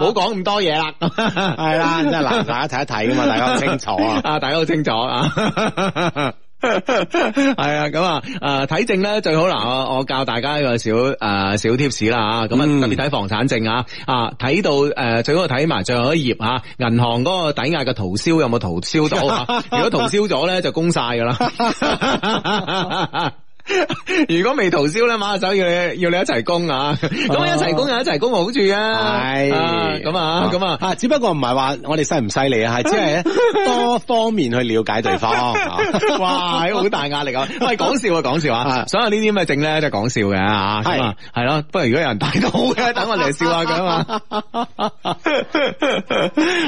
好講咁多嘢啦，係 啦、啊，即係嗱，大家睇一睇㗎嘛，大家好清楚啊， 啊，大家好清楚啊。 係 啊，咁啊，誒，睇證咧最好嗱，我我教大家一個小誒小 tips 啦啊，咁啊，特別睇房產證啊，啊，睇到誒最好睇埋最後一頁啊，銀行嗰個抵押嘅塗銷有冇塗銷到？ 如果塗銷咗咧，就供晒噶啦。如果未屠燒咧，馬上手要你要你一齊供啊！咁、哦、一齊供、啊啊哎，啊一齊供，好住啊！係咁啊，咁啊，只不過唔係話我哋犀唔犀利啊，係 只係多方面去了解對方、啊啊。哇，好大壓力啊！喂、啊，講笑啊，講笑啊！所有呢啲咪淨咧，都係講笑嘅啊。係係咯，不過如，如果有人帶到嘅，等我哋笑下啊咁 啊。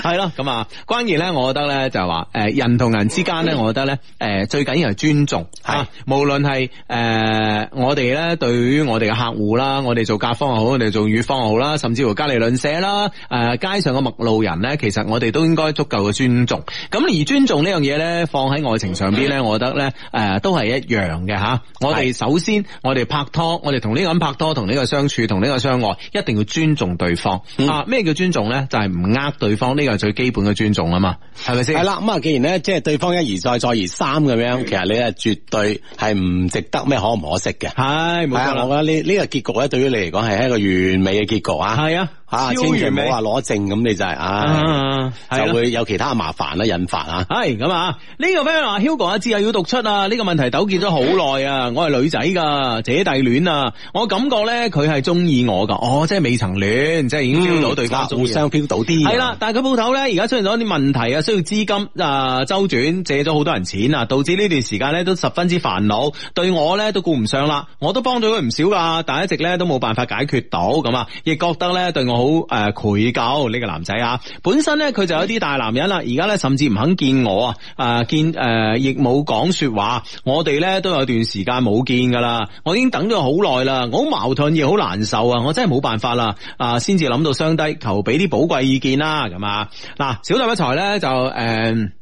係咯，咁啊，關鍵咧，我覺得咧就係話，誒，人同人之間咧，我覺得咧，誒，最緊要係尊重，係、啊、無論係。誒、呃，我哋咧對於我哋嘅客戶啦，我哋做甲方又好，我哋做乙方又好啦，甚至乎隔籬鄰舍啦，誒、呃，街上嘅陌路人咧，其實我哋都應該足夠嘅尊重。咁而尊重呢樣嘢咧，放喺愛情上邊咧，我覺得咧，誒、呃，都係一樣嘅吓。我哋首先，我哋拍拖，我哋同呢個人拍拖，同呢個相處，同呢個相愛，一定要尊重對方。嗯、啊，咩叫尊重咧？就係唔呃對方，呢個係最基本嘅尊重啊嘛，係咪先？係啦，咁啊，既然咧，即係對方一而再，再而三咁樣、嗯，其實你係絕對係唔值得，得咩可唔可惜嘅？係冇錯，我覺得呢呢個結局咧，對於你嚟講係一個完美嘅結局啊！係啊。千祈唔好話攞證咁，你就係、是，啊，哎、啊，就會有其他麻煩啦，引發啊。係咁啊，呢、這個咩話？Hugo 啊，智又要讀出啊！呢、這個問題糾結咗好耐啊。我係女仔噶姐弟戀啊，我感覺咧佢係中意我噶，哦，即係未曾戀、嗯，即係已經 feel 到對家，互相飄到啲、啊。係啦、啊，但係佢鋪頭咧，而家出現咗啲問題啊，需要資金啊、呃、周轉，借咗好多人錢啊，導致呢段時間咧都十分之煩惱，對我咧都顧唔上啦。我都幫咗佢唔少噶，但係一直咧都冇辦法解決到咁啊，亦覺得咧對我。好誒、愧疚，呢個男仔啊，本身咧佢就有啲大男人啦，而家咧甚至唔肯見我啊，見，見、呃、誒亦冇講說話，我哋咧都有段時間冇見噶啦，我已經等咗好耐啦，我好矛盾，亦好難受啊，我真係冇辦法啦，啊，先至諗到相低，求俾啲寶貴意見啦，咁啊，嗱，小弟不才咧就誒。嗯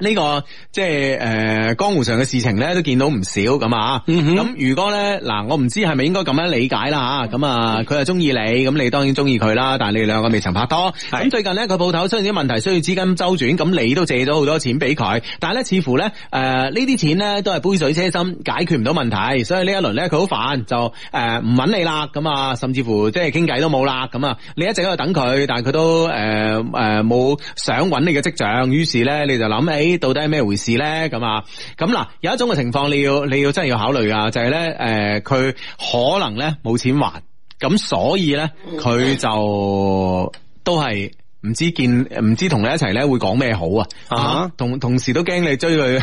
呢、這個即係誒江湖上嘅事情咧，都見到唔少咁啊。咁、嗯、如果咧，嗱我唔知係咪應該咁樣理解啦吓，咁啊佢係中意你，咁你當然中意佢啦。但係你兩個未曾拍拖，咁最近咧佢鋪頭出現啲問題，需要資金周轉，咁你都借咗好多錢俾佢，但係咧似乎咧誒呢啲、呃、錢咧都係杯水車薪，解決唔到問題，所以這一呢一輪咧佢好煩，就誒唔搵你啦，咁啊甚至乎即係傾偈都冇啦，咁啊你一直喺度等佢，但係佢都誒誒冇想搵你嘅跡象，於是咧你就諗起。呢到底係咩回事咧？咁啊，咁嗱，有一種嘅情況你要你要真係要考慮啊，就係、是、咧，誒、呃，佢可能咧冇錢還，咁所以咧佢就都係。唔知見唔知同你一齊咧會講咩好啊？啊同同時都驚你追佢，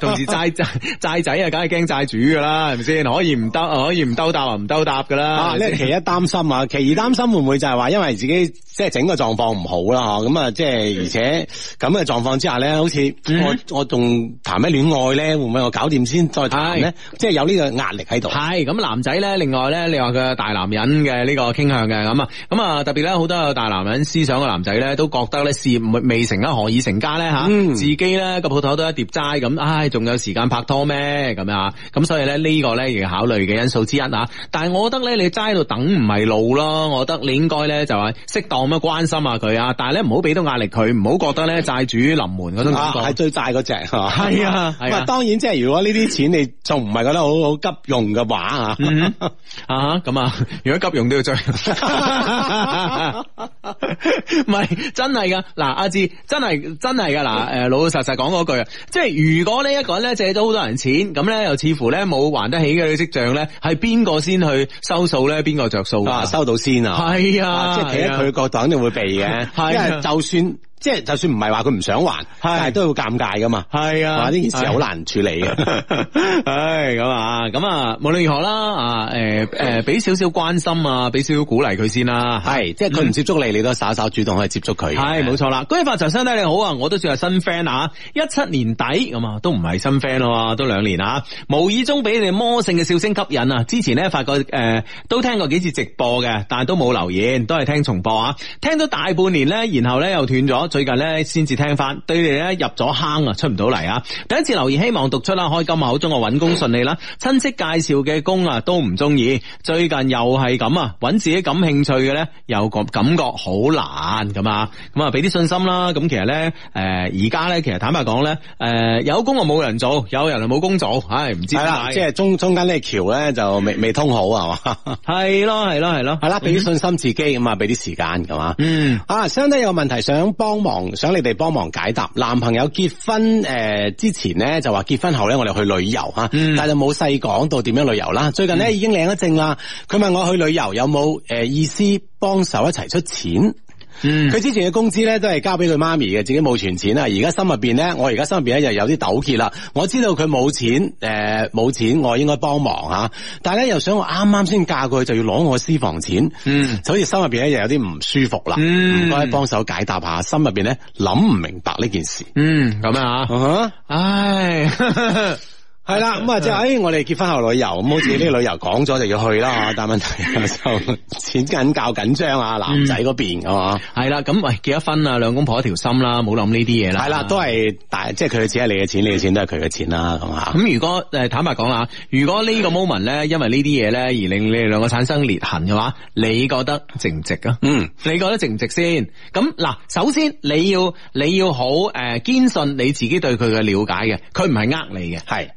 同時債 仔啊，梗係驚債主噶啦，係咪先？可以唔得，可以唔兜搭啊？唔兜搭噶啦？啊，其一擔心啊， 其二擔心會唔會就係話因為自己即係、就是、整個狀況唔好啦咁啊，即係、就是、而且咁嘅狀況之下咧，好似我、嗯、我仲談咩戀愛咧？會唔會我搞掂先再談咧？即係、就是、有個壓呢個壓力喺度。係咁男仔咧，另外咧，你話佢大男人嘅呢個傾向嘅咁啊，咁啊，特別咧好多有大男人思想男仔咧都覺得咧，事業未成啊，何以成家咧。吓、嗯，自己咧個鋪頭都一碟齋咁，唉、哎，仲有時間拍拖咩咁啊？咁所以咧，呢個咧亦考慮嘅因素之一啊。但係我覺得咧，你齋度等唔係路咯，我覺得你應該咧就係適當咁樣關心下佢啊。但係咧，唔好俾到壓力佢，唔好覺得咧債主臨門嗰種感覺係最債嗰隻。係啊，啊，啊，當然即、就、係、是、如果呢啲錢你仲唔係覺得好好急用嘅話、嗯、 啊，啊咁啊，如果急用都要追。 唔係，真係噶，嗱、啊，阿志真係真係噶，嗱，誒老老實實講嗰句啊，即係如果呢一個人咧借咗好多人錢，咁咧又似乎咧冇還得起嘅跡象咧，係邊個先去收數咧？邊個着數啊？收到先是啊！係啊，即係企喺佢角度，肯定、啊、會避嘅、啊，因為就算。即係就算唔係話佢唔想還，但係都要尷尬噶嘛。係啊，呢件事好難處理嘅。唉，咁啊，咁 啊， 無論如何啦，啊，誒、呃、誒，俾、呃、少少關心啊，俾少少鼓勵佢先啦、啊。係，即係佢唔接觸你，嗯、你都稍稍主動可以接觸佢。係，冇錯啦。恭喜、啊、發財，兄弟你好啊，我都算係新 friend 啊。一七年底咁啊，都唔係新 friend 咯，都兩年啊。無意中俾你哋魔性嘅笑聲吸引啊。之前呢，發過，誒、呃、都聽過幾次直播嘅，但係都冇留言，都係聽重播啊。聽咗大半年咧，然後咧又斷咗。最近咧先至聽翻，對你咧入咗坑啊，出唔到嚟啊！第一次留言，希望讀出啦，可以今日好中我揾工順利啦。親戚介紹嘅工啊，都唔中意，最近又係咁啊，揾自己感興趣嘅咧，又感覺好難咁啊！咁啊，俾啲信心啦。咁其實咧，誒而家咧，其實坦白講咧，誒有工就冇人做，有人就冇工做，唉唔知係啦，即係、就係、中中間呢個橋咧就未、嗯、未通好啊嘛？係咯係咯係咯，係啦俾啲信心自己咁啊，俾啲時間咁嘛？嗯啊，相對有問題想幫幫忙想你哋幫忙解答，男朋友結婚誒之前咧就話結婚後咧我哋去旅遊吓、嗯，但係冇細講到點樣旅遊啦。最近咧已經領咗證啦，佢、嗯、問我去旅遊有冇誒意思幫手一齊出錢。嗯，佢之前嘅工資咧都係交俾佢媽咪嘅，自己冇存錢啦。而家心入邊咧，我而家心入邊咧又有啲糾結啦。我知道佢冇錢，誒、呃、冇錢，我應該幫忙吓，但係咧又想我啱啱先嫁過去就要攞我私房錢，嗯，就好似心入邊咧又有啲唔舒服啦。唔該幫手解答下，心入邊咧諗唔明白呢件事。嗯，咁樣啊、uh-huh. 唉。 係啦，咁啊、就是，即係誒，我哋結婚後旅遊，咁好似呢個旅遊講咗就要去啦，但係問題就錢緊較緊張啊。男仔嗰邊，係、嗯、嘛？係啦，咁喂、哎，結咗婚啊，兩公婆一條心啦，冇諗呢啲嘢啦。係啦，都係大，即係佢嘅錢係你嘅錢，嗯、你嘅錢都係佢嘅錢啦，咁啊。咁如果誒坦白講啦，如果呢個 moment 咧，因為呢啲嘢咧而令你哋兩個產生裂痕嘅話，你覺得值唔值啊？嗯，你覺得值唔值先？咁嗱，首先你要你要好誒，堅信你自己對佢嘅了解嘅，佢唔係呃你嘅，係。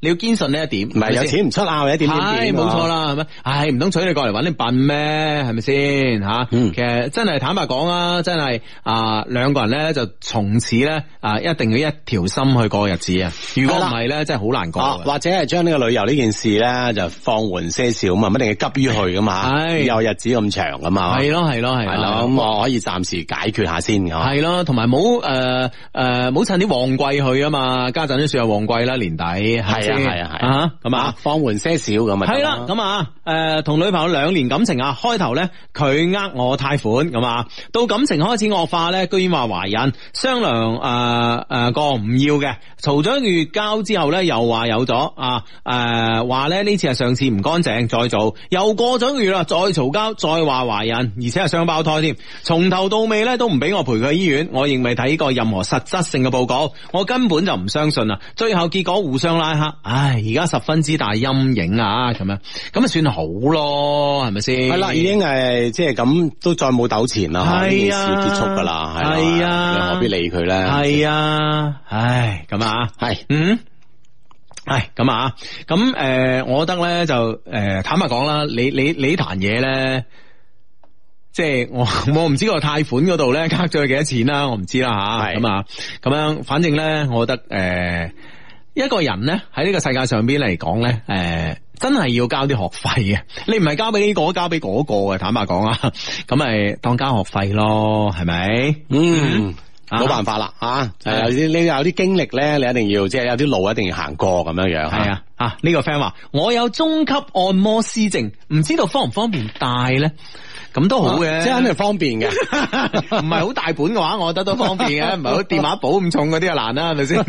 你要堅信呢一點，唔係有錢唔出啊，或者點點冇錯啦，係咪？唉，唔通娶你過嚟揾啲笨咩？係咪先吓？嗯，其實真係坦白講啊，真係啊兩個人咧就從此咧啊一定要一條心去過日子過啊。如果唔係咧，真係好難過。或者係將呢個旅遊呢件事咧就放緩些少啊嘛，唔一定係急於去噶嘛。係有日子咁長噶嘛。係咯係咯係。係咁我可以暫時解決下先。係咯，同埋唔好誒誒唔好趁啲旺季去啊嘛，家陣都算係旺季啦，年底係。係咯係咯。係啊係啊，咁啊放緩些少咁啊。係啦，咁啊，誒、啊，同、啊啊、女朋友兩年感情啊，開頭呢佢呃我貸款，咁啊，到感情開始惡化呢，居然話懷孕，商量誒誒、呃呃呃、個唔要嘅，嘈咗個月交之後呢，又話有咗啊誒，話、呃、呢次係上次唔乾淨，再做，又過咗個月啦，再嘈交，再話懷孕，而且係雙胞胎添，從頭到尾呢，都唔俾我陪佢去醫院，我未睇過任何實質性嘅報告，我根本就唔相信啊，最後結果互相拉黑。唉，而家十分之大陰影啊，咁樣咁啊，就算好咯，係咪先？係啦，已經係，即係咁，都再冇糾纏啦，件事、啊、結束噶啦，係啊，啊你何必理佢咧？係啊，唉，咁啊，係，嗯，係，咁啊，咁誒、呃，我覺得咧就誒、呃，坦白講啦，你你你談嘢咧，即係我我唔知個貸款嗰度咧，加咗佢幾多錢啦、啊，我唔知啦吓，咁啊，咁樣、啊，反正咧，我覺得誒。呃一個人咧喺呢個世界上邊嚟講咧，誒，真係要交啲學費嘅。你唔係交俾呢個，交俾嗰個嘅。坦白講啊，咁咪當交學費咯，係咪？嗯，冇辦法啦，啊，係有啲你有啲經歷咧，你一定要即係有啲路一定要行過咁樣樣。係啊。啊！呢、這個 friend 話：我有中級按摩師證，唔知道方唔方便帶咧？咁都好嘅、啊啊，即係肯定方便嘅。唔係好大本嘅話，我覺得都方便嘅。唔係好電話簿咁重嗰啲就難啦，係咪先？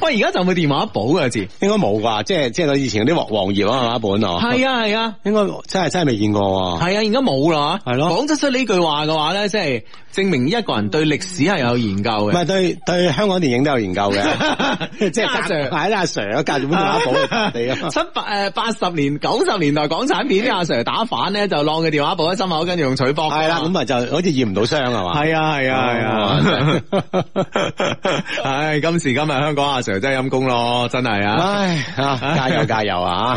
喂，而家就冇電話簿嘅字？應該冇啩？即係即係以前啲黃黃頁啊，係一本啊？係啊係啊，應該真係真係未見過。係啊，而家冇啦。係咯，講得出呢句話嘅話咧，即係證明一個人對歷史係有研究嘅。係對對香港電影都有研究嘅， 即係阿 Sir，係阿 Sir，隔住本。冇嚟啊！七八誒八十年九十年代港產片啲阿 Sir 打反咧，就晾個電話簿喺心口，跟住用取波係啦，咁咪就好似驗唔到傷係嘛？係啊係啊係啊！唉，今時今日香港阿 Sir 真係陰功咯，真係啊！唉，加油加油啊！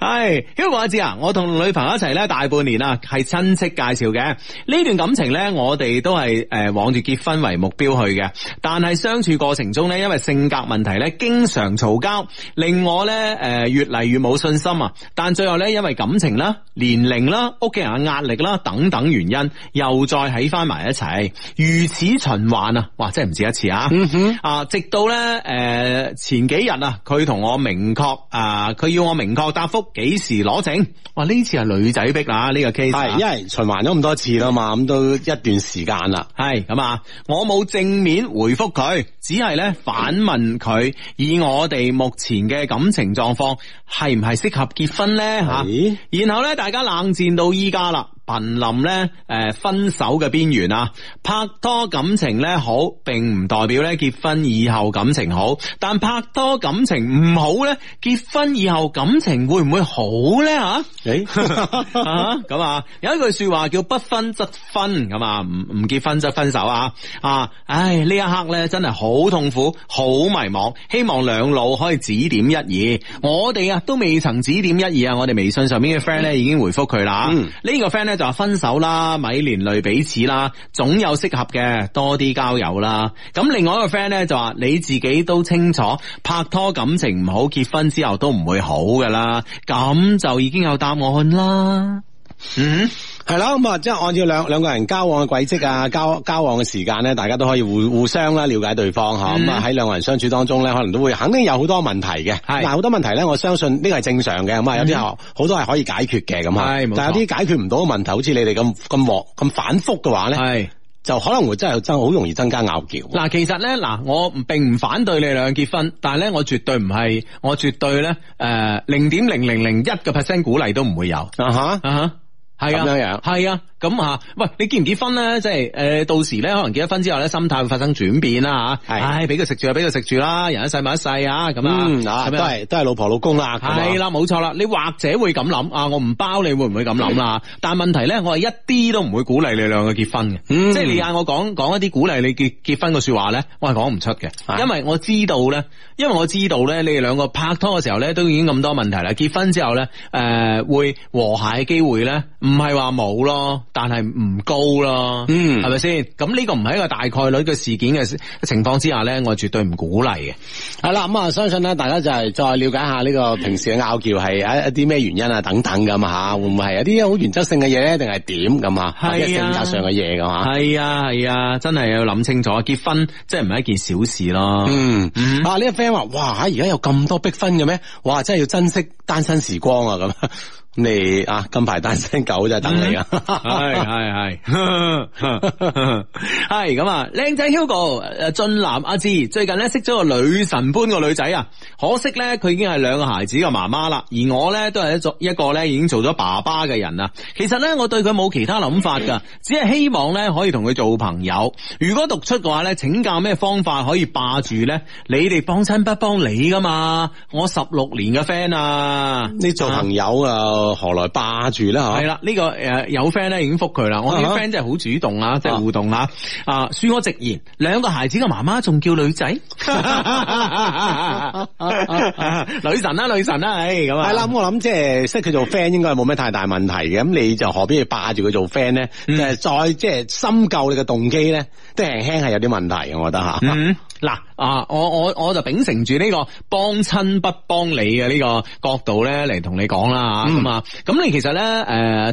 唉，Hugo 阿志啊，我同女朋友一齊咧大半年啊，係親戚介紹嘅。呢段感情咧，我哋都係誒往住結婚為目標去嘅，但係相處過程中咧，因為性格問題咧，經常嘈交。另外我咧誒越嚟越冇信心啊！但最後咧，因為感情啦、年齡啦、屋企人嘅壓力啦等等原因，又再喺翻埋一齊，如此循環啊！哇，真係唔止一次啊！啊、嗯哼，直到咧誒前幾日啊，佢同我明確啊，佢要我明確答覆幾時攞證。哇，呢次係女仔逼啊，呢、呢個 case 係，因為循環咗咁多次啦嘛，咁都一段時間啦，係咁啊！我冇正面回覆佢，只係咧反問佢，以我哋目前嘅感。感情狀況係唔係適合結婚呢吓？然後咧，大家冷戰到依家啦。瀕臨咧，誒，分手嘅邊緣啊！拍拖感情咧好，並唔代表咧結婚以後感情好，但拍拖感情唔好咧，結婚以後感情會唔會好咧？吓、欸，誒、 啊，咁啊，有一句說話叫不分則分，咁啊，唔唔結婚則分手啊，啊，唉，呢一刻咧真係好痛苦，好迷茫，希望兩老可以指點一二。我哋啊都未曾指點一二啊，我哋微信上面嘅 friend 咧已經回復佢啦，呢、嗯，這個 friend 咧。就話分手啦，咪連累彼此啦，總有適合嘅，多啲交友啦。咁另外一個 friend 呢，就話你自己都清楚，拍拖感情唔好，結婚之後都唔會好噶啦，咁就已經有答案啦。嗯、mm -hmm.，係啦。咁啊，即係按照兩兩個人交往嘅軌跡啊，交交往嘅時間咧，大家都可以互互相啦了解對方。嗬，咁啊喺兩個人相處當中咧，可能都會肯定有好多問題嘅。係，但好多問題咧，我相信呢個係正常嘅。咁、mm、啊 -hmm.，有啲話好多係可以解決嘅。咁啊，但有啲解決唔到嘅問題，好似你哋咁咁惡咁反覆嘅話咧，係就可能會真係增好容易增加拗撬。嗱，其實咧嗱，我並唔反對你兩個結婚，但係咧我絕對唔係，我絕對咧誒零點零零零一個 percent 鼓勵都唔會有啊！吓吓！係啊，咁樣係啊，咁吓，喂，你結唔結婚咧？即係，誒、呃，到時咧，可能結咗婚之後咧，心態會發生轉變啦，吓，係，唉，俾佢食住啊，俾佢食住啦，人一世物一世啊，咁啊，啊、嗯，都係都係老婆老公啦、啊，係啦，冇錯啦，你或者會咁諗啊，我唔包你，會唔會咁諗啦？但問題咧，我係一啲都唔會鼓勵你兩個結婚嘅、嗯，即係你嗌我講講一啲鼓勵你結結婚嘅說話咧，我係講唔出嘅，因為我知道咧，因為我知道咧，你哋兩個拍拖嘅時候咧都已經咁多問題啦，結婚之後咧，誒、呃，會和諧嘅機會咧。唔係話冇咯，但係唔高咯，嗯，係咪先？咁呢個唔係一個大概率嘅事件嘅情況之下咧，我絕對唔鼓勵嘅。係啦，咁啊，相信咧，大家就係再了解下呢個平時嘅拗撬係一一啲咩原因啊等等咁吓，會唔會係一啲好原則性嘅嘢咧？定係點咁啊？係性格上嘅嘢噶嘛？係啊，係啊，真係要諗清楚，結婚即係唔係一件小事咯，嗯。嗯，啊呢個 friend 話，哇，而家有咁多逼婚嘅咩？哇，真係要珍惜單身時光啊咁。你啊，金牌單身狗就等你啊！係係係，係咁啊，靚仔 Hugo，誒，俊男阿芝最近咧識咗個女神般個女仔啊，可惜咧佢已經係兩個孩子嘅媽媽啦，而我咧都係一種一個咧已經做咗爸爸嘅人啦。其實咧我對佢冇其他諗法噶，只係希望咧可以同佢做朋友。如果讀出嘅話咧，請教咩方法可以霸住咧？你哋幫親不幫你噶嘛？我十六年嘅 friend 啊，你做朋友啊。何來霸住咧？吓係啦，呢、這個誒有 friend 咧已經覆佢啦。我哋 friend 真係好主動啊，即、就、係、是、互動啊。啊，恕我直言，兩個孩子嘅媽媽仲叫女仔， 女神啊，女神啊，哎咁啊。係啦，咁我諗即係識佢做 friend 應該係冇咩太大問題嘅。咁你就何必去霸住佢做 friend 咧？誒、嗯，就是、再即係、就是、深究你嘅動機咧，即係輕係有啲問題嘅，我覺得吓。嗯嗱啊！我我我就秉承住呢個幫親不幫你嘅呢個角度咧，嚟同你講啦吓咁啊！咁你其實咧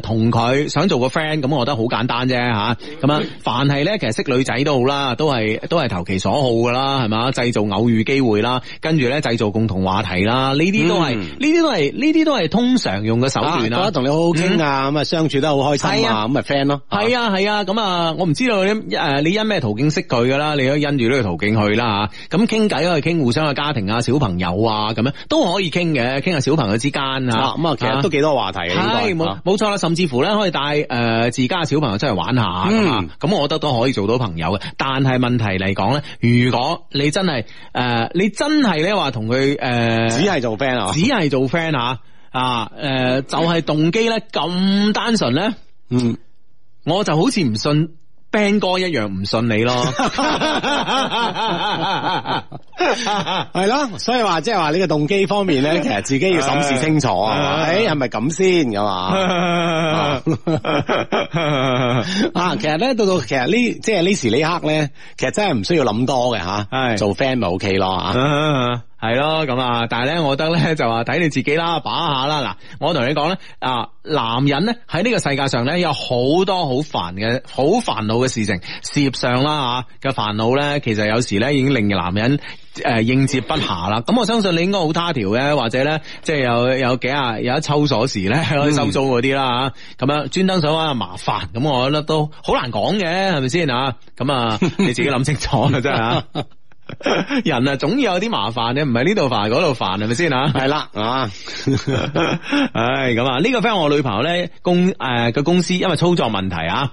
誒同佢想做個 friend，咁我覺得好簡單啫吓咁啊！嗯、凡係咧，其實識女仔都好啦，都係都係投其所好噶啦，係嘛，製造偶遇機會啦，跟住咧製造共同話題啦，呢啲都係呢啲都係呢啲都係通常用嘅手段啦。覺得同你好好傾、嗯、啊，咁啊相處得好開心啊，咁啊 friend 咯。係啊係啊，咁啊，啊，啊我唔知道你誒、啊、你因咩途徑識佢噶啦，你都因住呢個途徑去啦。啊咁傾偈可以傾互相嘅家庭啊、小朋友啊，咁樣都可以傾嘅，傾下小朋友之間啊咁啊，其實都幾多話題嘅、啊。冇冇錯啦，甚至乎咧可以帶誒、呃、自家嘅小朋友出嚟玩下咁、啊嗯啊、我覺得都可以做到朋友嘅。但係問題嚟講咧，如果你真係誒、呃，你真係咧話同佢誒，只係做 friend 啊，只係做 friend 啊誒、 啊呃，就係、是、動機咧咁單純咧，嗯，我就好似唔信。兵哥一樣唔信你咯，係 咯， 所以話即係話你個動機方面咧， 其實自己要審視清楚啊，誒係咪咁先咁嘛？是是 啊，其實咧到到其實即這這呢即係呢時呢刻咧，其實真係唔需要諗多嘅吓，係、啊、 做 friend 咪 OK 咯吓。啊 係咯，咁啊！但係咧，我覺得咧就話睇你自己啦，把握下啦。嗱，我同你講咧，啊，男人咧喺呢個世界上咧有好多好煩嘅、好煩惱嘅事情，事業上啦吓嘅煩惱咧，其實有時咧已經令男人誒應接不暇啦。咁我相信你應該好他條嘅，或者咧即係有有幾啊，有一抽鎖匙咧，收租嗰啲啦吓，咁樣專登想話麻煩。咁我覺得都好難講嘅，係咪先吓？咁啊，你自己諗清楚啦，真係。吓。 人啊，總要有啲麻煩，你唔係呢度煩，嗰度煩，係咪先吓？係啦，啊、 哎，唉，咁啊，呢個 friend 我女朋友咧公誒嘅公司，因為操作問題啊。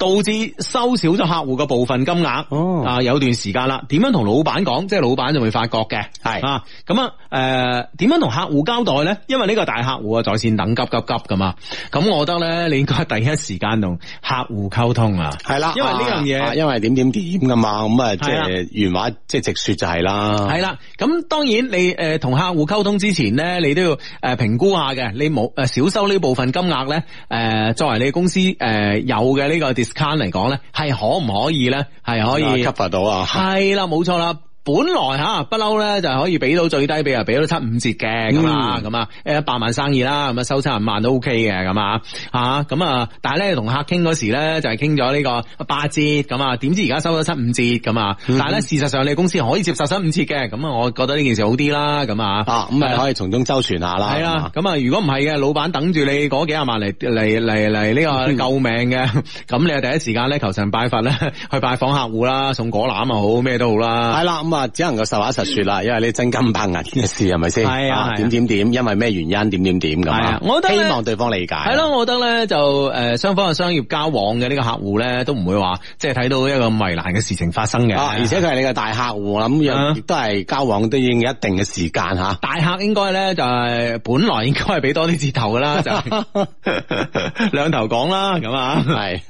導致收少咗客戶嘅部分金額，哦，啊，有段時間啦，點樣同老闆講？即係老闆就會發覺嘅。係啊，咁啊，誒、呃，點樣同客戶交代咧？因為呢個大客戶啊，在線等急急急，㗎嘛，咁我覺得咧，你應該第一時間同客戶溝通啊，係啦，因為呢樣嘢，因為點點點㗎嘛，咁啊、就是，即係原話，即、就、係、是、直說就係啦，係啦，咁當然你誒同客戶溝通之前咧，你都要誒評估下嘅，你冇誒少收呢部分金額咧，誒、呃、作為你公司誒有嘅呢、這個。嚟講咧，係可唔可以咧？係可以 cover 到啊！係啦，冇錯啦。本來吓不嬲咧，就可以俾到最低，俾啊俾到七五折嘅咁啊咁啊，誒、嗯、一百萬生意啦，咁啊收七五萬都 OK 嘅咁啊吓咁啊，但係咧同客傾嗰時咧就係傾咗呢個八折咁啊，點知而家收咗七五折咁啊？但係咧、嗯、事實上你公司可以接受七五折嘅，咁啊我覺得呢件事好啲啦，咁啊咁啊可以從中周旋下啦。係啦，咁啊如果唔係嘅老闆等住你嗰幾十萬嚟嚟嚟嚟呢個救命嘅，咁、嗯、你第一時間咧求神拜佛咧去拜訪客戶啦，送果籃啊，好，咩都好啦。係啦。咁啊，只能夠實話實說啦，因為你真金白銀嘅事係咪先？係啊，點點點，因為咩原因點點點咁啊？我都希望對方理解。係咯、啊，我覺得咧就誒，雙、呃、方嘅商業交往嘅呢個客戶咧都唔會話即係睇到一個咁為難嘅事情發生嘅、啊。而且佢係你嘅大客戶，咁樣亦都係交往，都已經有一定嘅時間吓、啊。大客應該咧就係、是、本來應該係俾多啲折頭噶啦，兩、就是、 頭講啦，咁啊係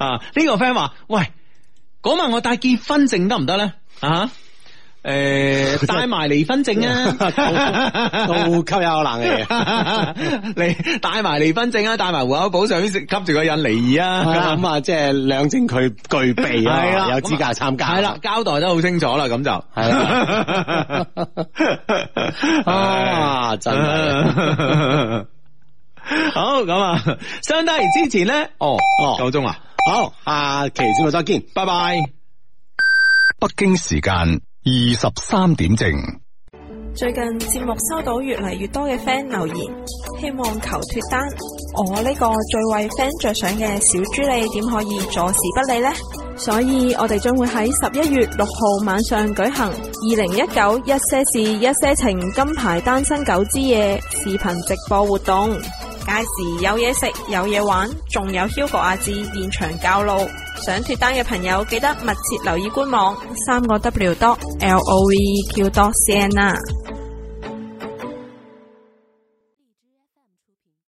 啊。呢、這個 friend 話，喂，嗰晚我帶結婚證得唔得咧？啊誒、呃，帶埋離婚證啊，都吸下冷氣、啊、 你帶埋離婚證啊，帶埋戶口簿上邊吸住個人離異啊，咁啊，即係兩證具具備，係啊，有資格參加，係啦，交代得好清楚啦，咁就係啦，哇，真係、啊， 好咁啊，相等於之前咧，哦，夠、哦、鐘啊，好，下期節目再見，拜拜，北京時間。二十三點正，最近節目收到越嚟越多嘅 friend 留言，希望求脱單。我呢個最為 friend 着想嘅小豬，你點可以坐視不理呢？所以我哋將會喺十一月六號晚上舉行二零一九一些事一些情金牌單身狗之夜視頻直播活動。屆時有嘢食、有嘢玩，仲有 Hugo 阿志現場教路，想脱單嘅朋友記得密切留意官網，三個 W dot L O V Q dot c n 啊！